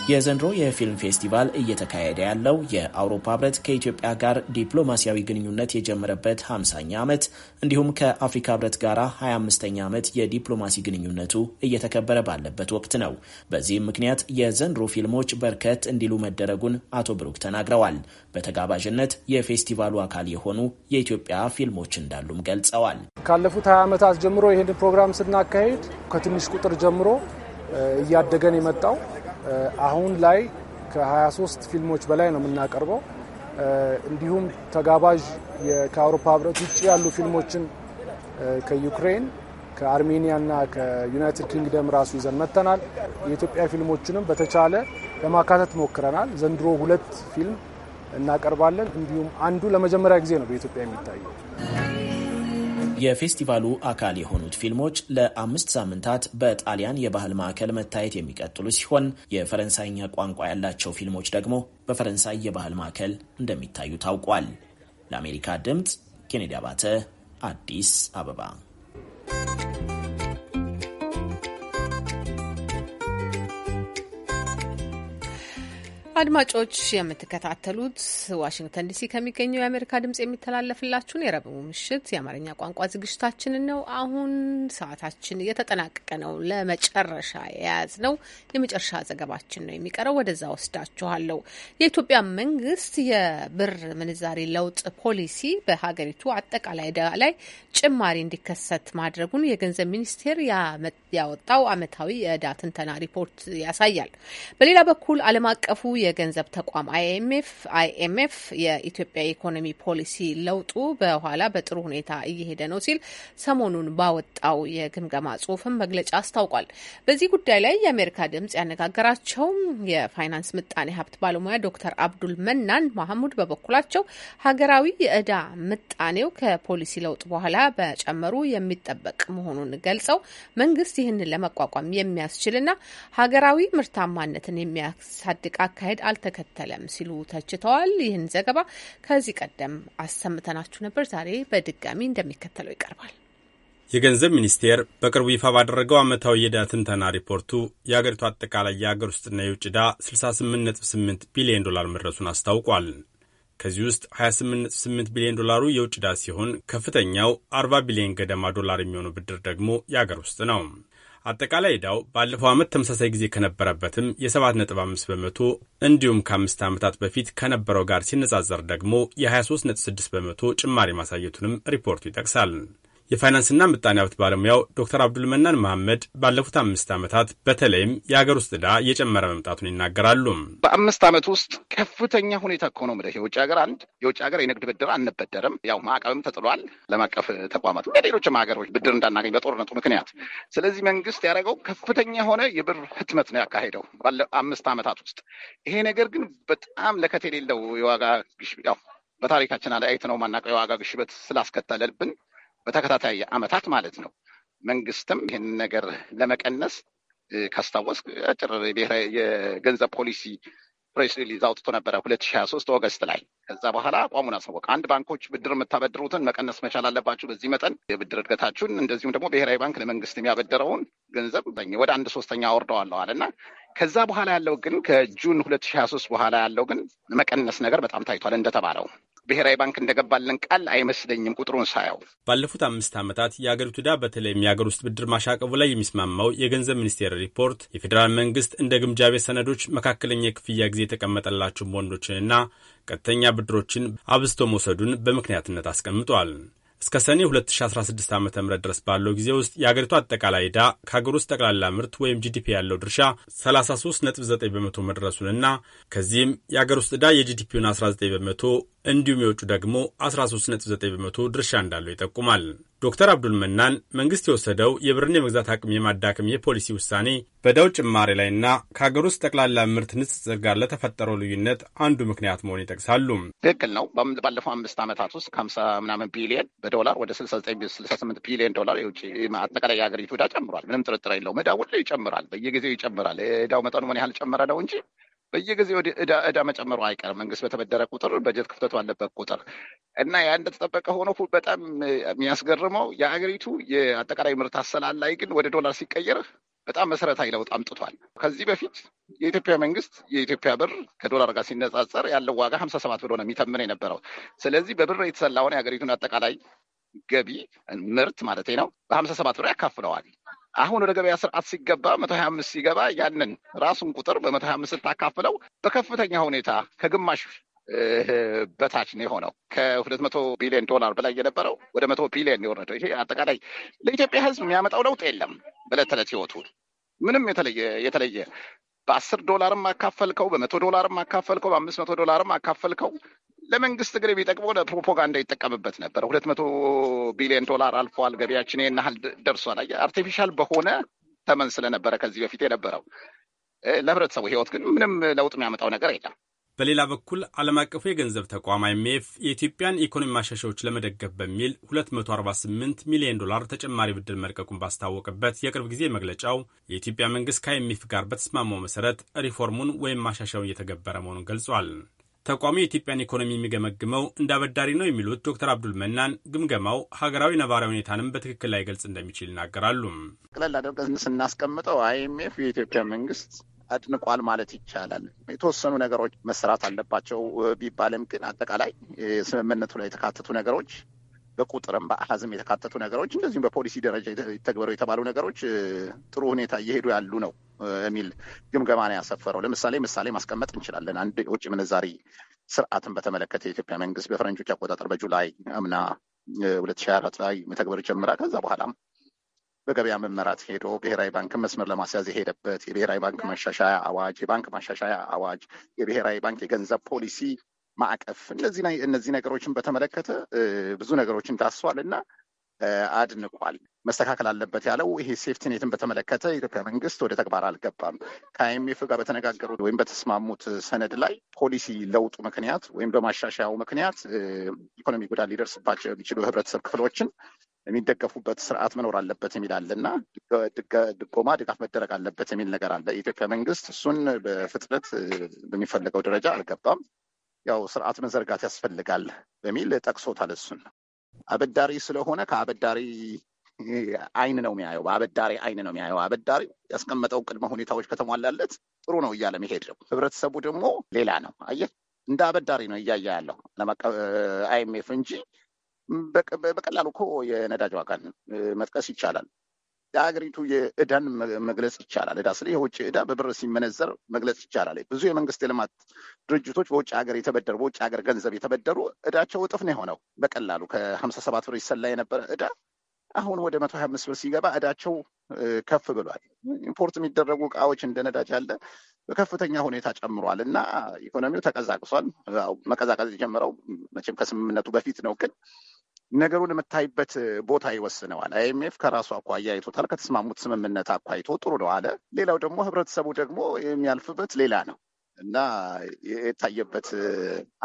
Speaker 13: የዘንድሮ የፊልም ፌስቲቫል እየተካሄደ ያለው የአውሮፓ ህብረት ከኢትዮጵያ ጋር ዲፕሎማሲያዊ ግንኙነት የጀመረበት 50ኛ ዓመት እንዲሁም ከአፍሪካ ህብረት ጋር 25ኛ ዓመት የዲፕሎማሲ ግንኙነቱ እየተከበረ ባለበት ወቅት ነው። በዚህም ምክንያት የዘንድሮ ፊልሞች በርከት እንዲሉ መደረጉን አቶ ብሩክ ተናግረዋል። በተጋባዥነት የፌስቲቫሉ አካል የሆኑ የኢትዮጵያ ፊልሞች እንዳሉም ገልጸዋል።
Speaker 8: ካለፉት 20 ዓመታት ጀምሮ ይህን ፕሮግራም ስናካሄድ ከትንሽ ቁጥር ጀምሮ እያደገን የመጣው አሁን ላይ ከ23 ፊልሞች በላይ ነው የምናቀርበው። እንዲሁም ተጋባዥ ከአውሮፓ ህብረት ውጭ ያሉ ፊልሞችን ከዩክሬን ከአርሜኒያ እና ከዩናይትድ ኪንግደም ራሱ ይዘን መጥተናል። የኢትዮጵያ ፊልሞችንም በተቻለ ለማካተት ሞክረናል። ዘንድሮ ሁለት ፊልም እናቀርባለን። እንዲሁም አንዱ ለመጀመሪያ ጊዜ ነው በኢትዮጵያ የሚታየው።
Speaker 13: የፌስቲቫሉ አካል የሆኑት ፊልሞች ለአምስት ሳምንታት በጣሊያን የባህል ማዕከል መታየት የሚቀጥሉ ሲሆን የፈረንሳይኛ ቋንቋ ያላቸው ፊልሞች ደግሞ በፈረንሳይ የባህል ማዕከል እንደሚታዩ ታውቋል። ለአሜሪካ ድምፅ ኬኔዲ አባተ አዲስ አበባ
Speaker 1: አድማጮች የምትከታተሉት ዋሽንግተን ዲሲ ከሚገኘው የአሜሪካ ድምጽ የሚተላለፍላችሁን የረቡዕ ምሽት የአማርኛ ቋንቋ ዝግጅታችንን ነው። አሁን ሰዓታችን እየተጠናቀቀ ነው። ለመጨረሻ የያዝ ነው የመጨረሻ ዘገባችን ነው የሚቀረው። ወደዛ ወስዳችኋለሁ። የኢትዮጵያ መንግስት የብር ምንዛሪ ለውጥ ፖሊሲ በሀገሪቱ አጠቃላይ ዕዳ ላይ ጭማሪ እንዲከሰት ማድረጉን የገንዘብ ሚኒስቴር ያወጣው ዓመታዊ የዕዳ ትንተና ሪፖርት ያሳያል። በሌላ በኩል አለም አቀፉ የገንዘብ ተቋም አይኤምኤፍ አይኤምኤፍ የኢትዮጵያ የኢኮኖሚ ፖሊሲ ለውጡ በኋላ በጥሩ ሁኔታ እየሄደ ነው ሲል ሰሞኑን ባወጣው የግምገማ ጽሁፍም መግለጫ አስታውቋል። በዚህ ጉዳይ ላይ የአሜሪካ ድምጽ ያነጋገራቸው የፋይናንስ ምጣኔ ሀብት ባለሙያ ዶክተር አብዱል መናን ማህሙድ በበኩላቸው ሀገራዊ የእዳ ምጣኔው ከፖሊሲ ለውጥ በኋላ በጨመሩ የሚጠበቅ መሆኑን ገልጸው መንግስት ይህንን ለመቋቋም የሚያስችልና ሀገራዊ ምርታማነትን የሚያሳድግ አካሄድ አካሄድ አልተከተለም ሲሉ ተችተዋል። ይህን ዘገባ ከዚህ ቀደም አሰምተናችሁ ነበር። ዛሬ በድጋሚ እንደሚከተለው ይቀርባል።
Speaker 7: የገንዘብ ሚኒስቴር በቅርቡ ይፋ ባደረገው ዓመታዊ የዕዳ ትንተና ሪፖርቱ የአገሪቱ አጠቃላይ የአገር ውስጥና የውጭ ዕዳ 68.8 ቢሊዮን ዶላር መድረሱን አስታውቋል። ከዚህ ውስጥ 28.8 ቢሊዮን ዶላሩ የውጭ ዕዳ ሲሆን ከፍተኛው 40 ቢሊዮን ገደማ ዶላር የሚሆኑ ብድር ደግሞ የአገር ውስጥ ነው። አጠቃላይ ዕዳው ባለፈው ዓመት ተመሳሳይ ጊዜ ከነበረበትም የ7.5 በመቶ እንዲሁም ከአምስት ዓመታት በፊት ከነበረው ጋር ሲነጻጸር ደግሞ የ23.6 በመቶ ጭማሪ ማሳየቱንም ሪፖርቱ ይጠቅሳል። የፋይናንስና ምጣኔ ሀብት ባለሙያው ዶክተር አብዱል መናን መሐመድ ባለፉት አምስት ዓመታት በተለይም የሀገር ውስጥ ዕዳ እየጨመረ መምጣቱን ይናገራሉ። በአምስት ዓመት ውስጥ
Speaker 14: ከፍተኛ ሁኔታ እኮ ነው የምልህ። የውጭ ሀገር አንድ የውጭ ሀገር የንግድ ብድር አንበደርም። ያው ማዕቀብም ተጥሏል ዓለም አቀፍ ተቋማት ሌሎችም ሀገሮች ብድር እንዳናገኝ በጦርነቱ ምክንያት። ስለዚህ መንግስት ያደረገው ከፍተኛ የሆነ የብር ህትመት ነው ያካሄደው ባለ አምስት ዓመታት ውስጥ። ይሄ ነገር ግን በጣም ለከት የሌለው የዋጋ ግሽበት በታሪካችን አይተነው ማናውቀው የዋጋ ግሽበት ስላስከተለብን በተከታታይ ዓመታት ማለት ነው። መንግስትም ይህን ነገር ለመቀነስ ካስታወስ አጭር የገንዘብ ፖሊሲ ፕሬስ ሪሊዝ አውጥቶ ነበረ ሁለት ሺ ሀያ ሶስት ኦገስት ላይ። ከዛ በኋላ አቋሙን አሳወቀ። አንድ ባንኮች ብድር የምታበድሩትን መቀነስ መቻል አለባችሁ በዚህ መጠን የብድር እድገታችሁን፣ እንደዚሁም ደግሞ ብሔራዊ ባንክ ለመንግስት የሚያበድረውን ገንዘብ ወደ አንድ ሶስተኛ አወርደዋለሁ አለ እና ከዛ በኋላ ያለው ግን ከጁን ሁለት ሺ ሀያ ሶስት በኋላ ያለው ግን መቀነስ ነገር በጣም ታይቷል እንደተባለው ብሔራዊ ባንክ እንደገባለን ቃል አይመስለኝም ቁጥሩን ሳያው።
Speaker 7: ባለፉት አምስት ዓመታት የአገሪቱ ዕዳ በተለይም የአገር ውስጥ ብድር ማሻቀቡ ላይ የሚስማማው የገንዘብ ሚኒስቴር ሪፖርት የፌዴራል መንግስት እንደ ግምጃ ቤት ሰነዶች መካከለኛ የክፍያ ጊዜ የተቀመጠላቸው ቦንዶችንና ቀጥተኛ ብድሮችን አብዝቶ መውሰዱን በምክንያትነት አስቀምጧል። እስከ ሰኔ 2016 ዓ ም ድረስ ባለው ጊዜ ውስጥ የአገሪቱ አጠቃላይ ዕዳ ከሀገር ውስጥ ጠቅላላ ምርት ወይም ጂዲፒ ያለው ድርሻ 33.9 በመቶ መድረሱንና ከዚህም የአገር ውስጥ ዕዳ የጂዲፒውን 19 በመቶ እንዲሁም የውጩ ደግሞ 13.9 በመቶ ድርሻ እንዳለው ይጠቁማል። ዶክተር አብዱል መናን መንግስት የወሰደው የብርን የመግዛት አቅም የማዳከም የፖሊሲ ውሳኔ በደው ጭማሪ ላይና ከሀገር ውስጥ ጠቅላላ ምርት ንጽጽር ጋር ለተፈጠረው ልዩነት አንዱ ምክንያት መሆን ይጠቅሳሉ።
Speaker 14: ትክክል ነው። ባለፈው አምስት ዓመታት ውስጥ ከሀምሳ ምናምን ቢሊየን በዶላር ወደ ስልሳ ዘጠኝ ስልሳ ስምንት ቢሊየን ዶላር የውጭ አጠቃላይ የሀገሪቱ ዕዳ ጨምሯል። ምንም ጥርጥር የለውም። ዕዳ ሁሉ ይጨምራል፣ በየጊዜው ይጨምራል። ዕዳው መጠኑ ምን ያህል ጨመረ ነው እንጂ በየጊዜው እዳ መጨመሩ አይቀርም። መንግስት በተበደረ ቁጥር በጀት ክፍተቱ አለበት ቁጥር እና ያ እንደተጠበቀ ሆኖ በጣም የሚያስገርመው የሀገሪቱ የአጠቃላይ ምርት አሰላል ላይ ግን ወደ ዶላር ሲቀየር በጣም መሰረታዊ ለውጥ አምጥቷል። ከዚህ በፊት የኢትዮጵያ መንግስት የኢትዮጵያ ብር ከዶላር ጋር ሲነጻጸር ያለው ዋጋ ሀምሳ ሰባት ብሎ ነው የሚተምን የነበረው። ስለዚህ በብር የተሰላውን የሀገሪቱን አጠቃላይ ገቢ ምርት ማለት ነው በሀምሳ ሰባት ብር ያካፍለዋል። አሁን ወደ ገበያ ስርዓት ሲገባ መቶ ሀያ አምስት ሲገባ ያንን ራሱን ቁጥር በመቶ ሀያ አምስት ስታካፍለው በከፍተኛ ሁኔታ ከግማሽ በታች ነው የሆነው። ከሁለት መቶ ቢሊዮን ዶላር በላይ የነበረው ወደ መቶ ቢሊዮን የወረደው ይሄ አጠቃላይ ለኢትዮጵያ ሕዝብ የሚያመጣው ለውጥ የለም። በዕለት ተዕለት ህይወቱ ምንም የተለየ የተለየ በአስር ዶላርም አካፈልከው፣ በመቶ ዶላርም አካፈልከው፣ በአምስት መቶ ዶላርም አካፈልከው ለመንግስት ግን የሚጠቅመው ለፕሮፓጋንዳ ይጠቀምበት ነበር። ሁለት መቶ ቢሊዮን ዶላር አልፏል፣ ገቢያችን ይህን ያህል ደርሷል። አርቲፊሻል በሆነ ተመን ስለነበረ ከዚህ በፊት የነበረው ለህብረተሰቡ ህይወት ግን ምንም ለውጥ የሚያመጣው ነገር የለም።
Speaker 7: በሌላ በኩል ዓለም አቀፉ የገንዘብ ተቋም አይምኤፍ የኢትዮጵያን ኢኮኖሚ ማሻሻዎች ለመደገፍ በሚል 248 ሚሊዮን ዶላር ተጨማሪ ብድር መልቀቁን ባስታወቀበት የቅርብ ጊዜ መግለጫው የኢትዮጵያ መንግሥት ከአይምኤፍ ጋር በተስማማው መሠረት ሪፎርሙን ወይም ማሻሻውን እየተገበረ መሆኑን ገልጿል። ተቋሙ የኢትዮጵያን ኢኮኖሚ የሚገመግመው እንደ አበዳሪ ነው የሚሉት ዶክተር አብዱል መናን ግምገማው ሀገራዊ ነባራዊ ሁኔታንም በትክክል ላይ ገልጽ እንደሚችል ይናገራሉ።
Speaker 14: ቅለል አድርገን ስናስቀምጠው አይኤምኤፍ የኢትዮጵያ መንግስት አድንቋል ማለት ይቻላል። የተወሰኑ ነገሮች መሰራት አለባቸው ቢባልም ግን አጠቃላይ ስምምነቱ ላይ የተካተቱ ነገሮች በቁጥርም በአሀዝም የተካተቱ ነገሮች እንደዚሁም በፖሊሲ ደረጃ ይተግበሩ የተባሉ ነገሮች ጥሩ ሁኔታ እየሄዱ ያሉ ነው የሚል ግምገማ ነው ያሰፈረው። ለምሳሌ ምሳሌ ማስቀመጥ እንችላለን። አንድ የውጭ ምንዛሪ ስርዓትን በተመለከተ የኢትዮጵያ መንግስት በፈረንጆች አቆጣጠር በጁላይ አምና ሁለት ሺ አራት ላይ መተግበር ጀምራ ከዛ በኋላም በገበያ መመራት ሄዶ ብሔራዊ ባንክን መስመር ለማስያዝ የሄደበት የብሔራዊ ባንክ ማሻሻያ አዋጅ፣ የባንክ ማሻሻያ አዋጅ፣ የብሔራዊ ባንክ የገንዘብ ፖሊሲ ማዕቀፍ፣ እነዚህ ነገሮችን በተመለከተ ብዙ ነገሮችን ዳሷል እና አድንቋል። መስተካከል አለበት ያለው ይሄ ሴፍቲኔትን በተመለከተ የኢትዮጵያ መንግስት ወደ ተግባር አልገባም። ከአይኤምኤፍ ጋር በተነጋገሩ ወይም በተስማሙት ሰነድ ላይ ፖሊሲ ለውጡ ምክንያት ወይም በማሻሻያው ምክንያት ኢኮኖሚ ጉዳት ሊደርስባቸው የሚችሉ ህብረተሰብ ክፍሎችን የሚደገፉበት ስርዓት መኖር አለበት የሚል አለ እና ድጎማ ድጋፍ መደረግ አለበት የሚል ነገር አለ። የኢትዮጵያ መንግስት እሱን በፍጥነት በሚፈለገው ደረጃ አልገባም። ያው ስርዓት መዘርጋት ያስፈልጋል በሚል ጠቅሶታል። እሱን አበዳሪ ስለሆነ ከአበዳሪ አይን ነው የሚያየው፣ በአበዳሪ አይን ነው የሚያየው። አበዳሪ ያስቀመጠው ቅድመ ሁኔታዎች ከተሟላለት ጥሩ ነው እያለ መሄድ ነው። ህብረተሰቡ ደግሞ ሌላ ነው። አየህ እንደ አበዳሪ ነው እያየ ያለው አይኤምኤፍ እንጂ በቀላሉ እኮ የነዳጅ ዋጋን መጥቀስ ይቻላል። የሀገሪቱ የእዳን መግለጽ ይቻላል። እዳ ስለ የውጭ እዳ በብር ሲመነዘር መግለጽ ይቻላል። ብዙ የመንግስት የልማት ድርጅቶች በውጭ ሀገር የተበደሩ በውጭ ሀገር ገንዘብ የተበደሩ እዳቸው እጥፍ ነው የሆነው። በቀላሉ ከሀምሳ ሰባት ብር ይሰላ የነበረ እዳ አሁን ወደ መቶ ሀያ አምስት ብር ሲገባ እዳቸው ከፍ ብሏል። ኢምፖርት የሚደረጉ እቃዎች እንደ ነዳጅ ያለ በከፍተኛ ሁኔታ ጨምሯል እና ኢኮኖሚው ተቀዛቅሷል። መቀዛቀዝ የጀመረው መቼም ከስምምነቱ በፊት ነው ግን ነገሩን የምታይበት ቦታ ይወስነዋል። አይኤምኤፍ ከራሱ አኳያ አይቶታል። ከተስማሙት ስምምነት አኳይቶ ጥሩ ነው አለ። ሌላው ደግሞ ህብረተሰቡ ደግሞ የሚያልፍበት ሌላ ነው እና የታየበት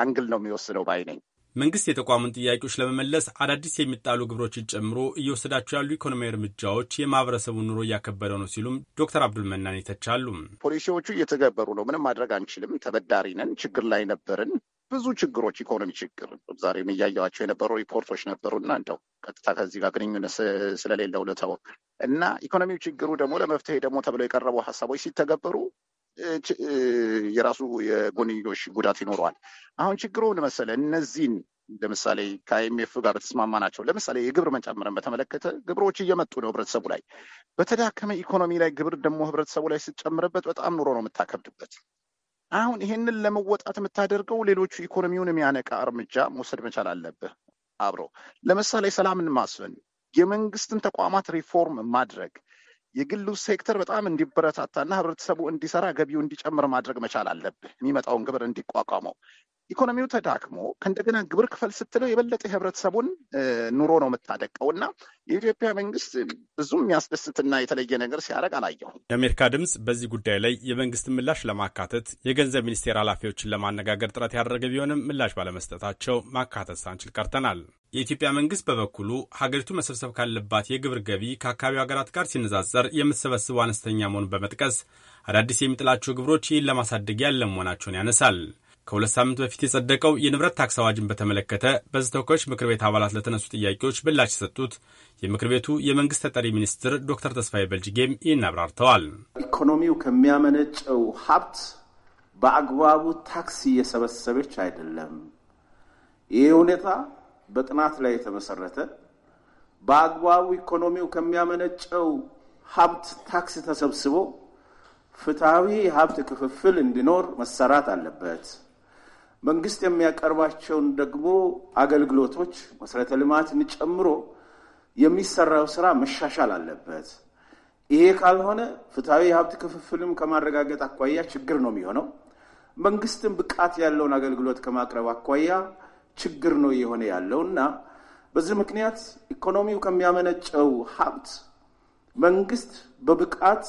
Speaker 14: አንግል ነው የሚወስነው ባይ ነኝ።
Speaker 7: መንግስት የተቋሙን ጥያቄዎች ለመመለስ አዳዲስ የሚጣሉ ግብሮችን ጨምሮ እየወሰዳቸው ያሉ ኢኮኖሚያዊ እርምጃዎች የማህበረሰቡን ኑሮ እያከበደ ነው ሲሉም ዶክተር አብዱል መናን ይተቻሉ።
Speaker 14: ፖሊሲዎቹ እየተገበሩ ነው፣ ምንም ማድረግ አንችልም፣ ተበዳሪ ነን፣ ችግር ላይ ነበርን፣ ብዙ ችግሮች ኢኮኖሚ ችግር ዛሬ የሚያየዋቸው የነበሩ ሪፖርቶች ነበሩና እንደው ቀጥታ ከዚህ ጋር ግንኙነት ስለሌለው ልተው እና ኢኮኖሚው ችግሩ ደግሞ ለመፍትሄ ደግሞ ተብለው የቀረቡ ሀሳቦች ሲተገበሩ የራሱ የጎንዮሽ ጉዳት ይኖረዋል። አሁን ችግሩን መሰለ እነዚህን ለምሳሌ ከአይኤምኤፍ ጋር በተስማማ ናቸው። ለምሳሌ የግብር መጨመርን በተመለከተ ግብሮች እየመጡ ነው ህብረተሰቡ ላይ። በተዳከመ ኢኮኖሚ ላይ ግብር ደግሞ ህብረተሰቡ ላይ ስትጨምርበት በጣም ኑሮ ነው የምታከብድበት። አሁን ይሄንን ለመወጣት የምታደርገው ሌሎቹ ኢኮኖሚውን የሚያነቃ እርምጃ መውሰድ መቻል አለብህ። አብሮ ለምሳሌ ሰላምን ማስፈን፣ የመንግስትን ተቋማት ሪፎርም ማድረግ፣ የግሉ ሴክተር በጣም እንዲበረታታና ህብረተሰቡ እንዲሰራ ገቢው እንዲጨምር ማድረግ መቻል አለብህ። የሚመጣውን ግብር እንዲቋቋመው ኢኮኖሚው ተዳክሞ ከእንደገና ግብር ክፈል ስትለው የበለጠ የህብረተሰቡን ኑሮ ነው የምታደቀው እና የኢትዮጵያ መንግስት ብዙም የሚያስደስትና የተለየ ነገር ሲያደርግ አላየሁም።
Speaker 7: የአሜሪካ ድምፅ በዚህ ጉዳይ ላይ የመንግስት ምላሽ ለማካተት የገንዘብ ሚኒስቴር ኃላፊዎችን ለማነጋገር ጥረት ያደረገ ቢሆንም ምላሽ ባለመስጠታቸው ማካተት ሳንችል ቀርተናል። የኢትዮጵያ መንግስት በበኩሉ ሀገሪቱ መሰብሰብ ካለባት የግብር ገቢ ከአካባቢው ሀገራት ጋር ሲነጻጸር የምትሰበስበው አነስተኛ መሆኑን በመጥቀስ አዳዲስ የሚጥላቸው ግብሮች ይህን ለማሳደግ ያለ መሆናቸውን ያነሳል። ከሁለት ሳምንት በፊት የጸደቀው የንብረት ታክስ አዋጅን በተመለከተ በሕዝብ ተወካዮች ምክር ቤት አባላት ለተነሱ ጥያቄዎች ምላሽ የሰጡት የምክር ቤቱ የመንግስት ተጠሪ ሚኒስትር ዶክተር ተስፋዬ በልጅጌም ይህን አብራርተዋል።
Speaker 6: ኢኮኖሚው ከሚያመነጨው ሀብት በአግባቡ ታክስ እየሰበሰበች አይደለም። ይህ ሁኔታ በጥናት ላይ የተመሰረተ በአግባቡ ኢኮኖሚው ከሚያመነጨው ሀብት ታክስ ተሰብስቦ ፍትሐዊ የሀብት ክፍፍል እንዲኖር መሰራት አለበት። መንግስት የሚያቀርባቸውን ደግሞ አገልግሎቶች መሰረተ ልማትን ጨምሮ የሚሰራው ስራ መሻሻል አለበት። ይሄ ካልሆነ ፍትሐዊ የሀብት ክፍፍልም ከማረጋገጥ አኳያ ችግር ነው የሚሆነው። መንግስትም ብቃት ያለውን አገልግሎት ከማቅረብ አኳያ ችግር ነው እየሆነ ያለው እና በዚህ ምክንያት ኢኮኖሚው ከሚያመነጨው ሀብት መንግስት በብቃት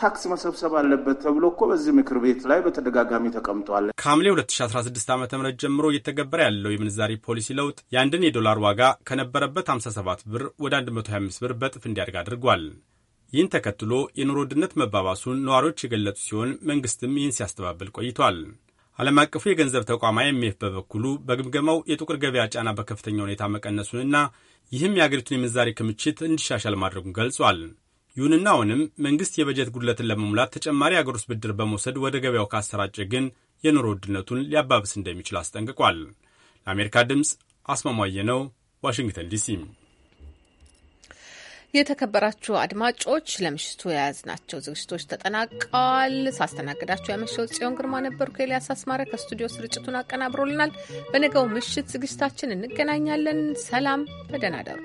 Speaker 6: ታክስ መሰብሰብ አለበት ተብሎ እኮ በዚህ ምክር ቤት ላይ በተደጋጋሚ ተቀምጧል።
Speaker 7: ከሐምሌ 2016 ዓ ም ጀምሮ እየተገበረ ያለው የምንዛሪ ፖሊሲ ለውጥ የአንድን የዶላር ዋጋ ከነበረበት 57 ብር ወደ 125 ብር በጥፍ እንዲያድግ አድርጓል። ይህን ተከትሎ የኑሮ ውድነት መባባሱን ነዋሪዎች የገለጹ ሲሆን መንግስትም ይህን ሲያስተባብል ቆይቷል። ዓለም አቀፉ የገንዘብ ተቋም አይኤምኤፍ በበኩሉ በግምገማው የጥቁር ገበያ ጫና በከፍተኛ ሁኔታ መቀነሱንና ይህም የአገሪቱን የምንዛሬ ክምችት እንዲሻሻል ማድረጉን ገልጿል። ይሁንና አሁንም መንግስት የበጀት ጉድለትን ለመሙላት ተጨማሪ አገር ውስጥ ብድር በመውሰድ ወደ ገበያው ካሰራጨ ግን የኑሮ ውድነቱን ሊያባብስ እንደሚችል አስጠንቅቋል። ለአሜሪካ ድምፅ አስማማየ ነው፣ ዋሽንግተን ዲሲ።
Speaker 1: የተከበራችሁ አድማጮች ለምሽቱ የያዝናቸው ዝግጅቶች ተጠናቀዋል። ሳስተናግዳችሁ ያመሸው ጽዮን ግርማ ነበርኩ። ኤልያስ አስማረ ከስቱዲዮ ስርጭቱን አቀናብሮልናል። በነገው ምሽት ዝግጅታችን እንገናኛለን። ሰላም፣ በደህና ደሩ።